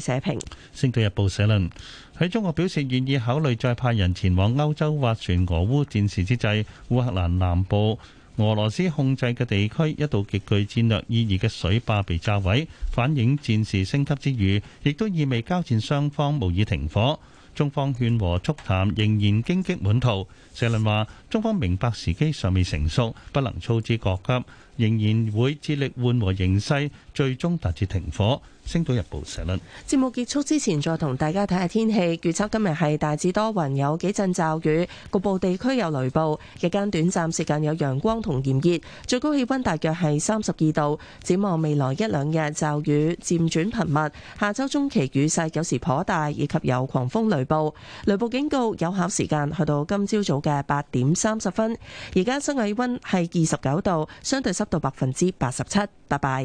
社評，《星島日報》社論，喺中國表示願意考慮再派人前往歐洲划船俄烏戰事之際，烏克蘭南部俄羅斯控制嘅地區一道極具戰略意義嘅水壩被炸毀，反映戰事升級之餘，亦都意味交戰雙方無意停火。中方勸和促談仍然荊棘滿途。社論話：中方明白時機尚未成熟，不能操之過急，仍然會致力緩和形勢，最終達至停火。星島日報石節目結束之前，再同大家睇下天氣預測。月初今日係大致多雲，有幾陣驟雨，局部地區有雷暴，日間短暫時間有陽光同炎熱，最高氣溫大約係三十二度。展望未來一兩日，驟雨漸轉頻密，下周中期雨勢有時頗大，以及有狂風雷暴。雷暴警告有效時間去到今朝早嘅八點三十分。而家室外溫係二十九度，相對濕度百分之八十七。拜拜。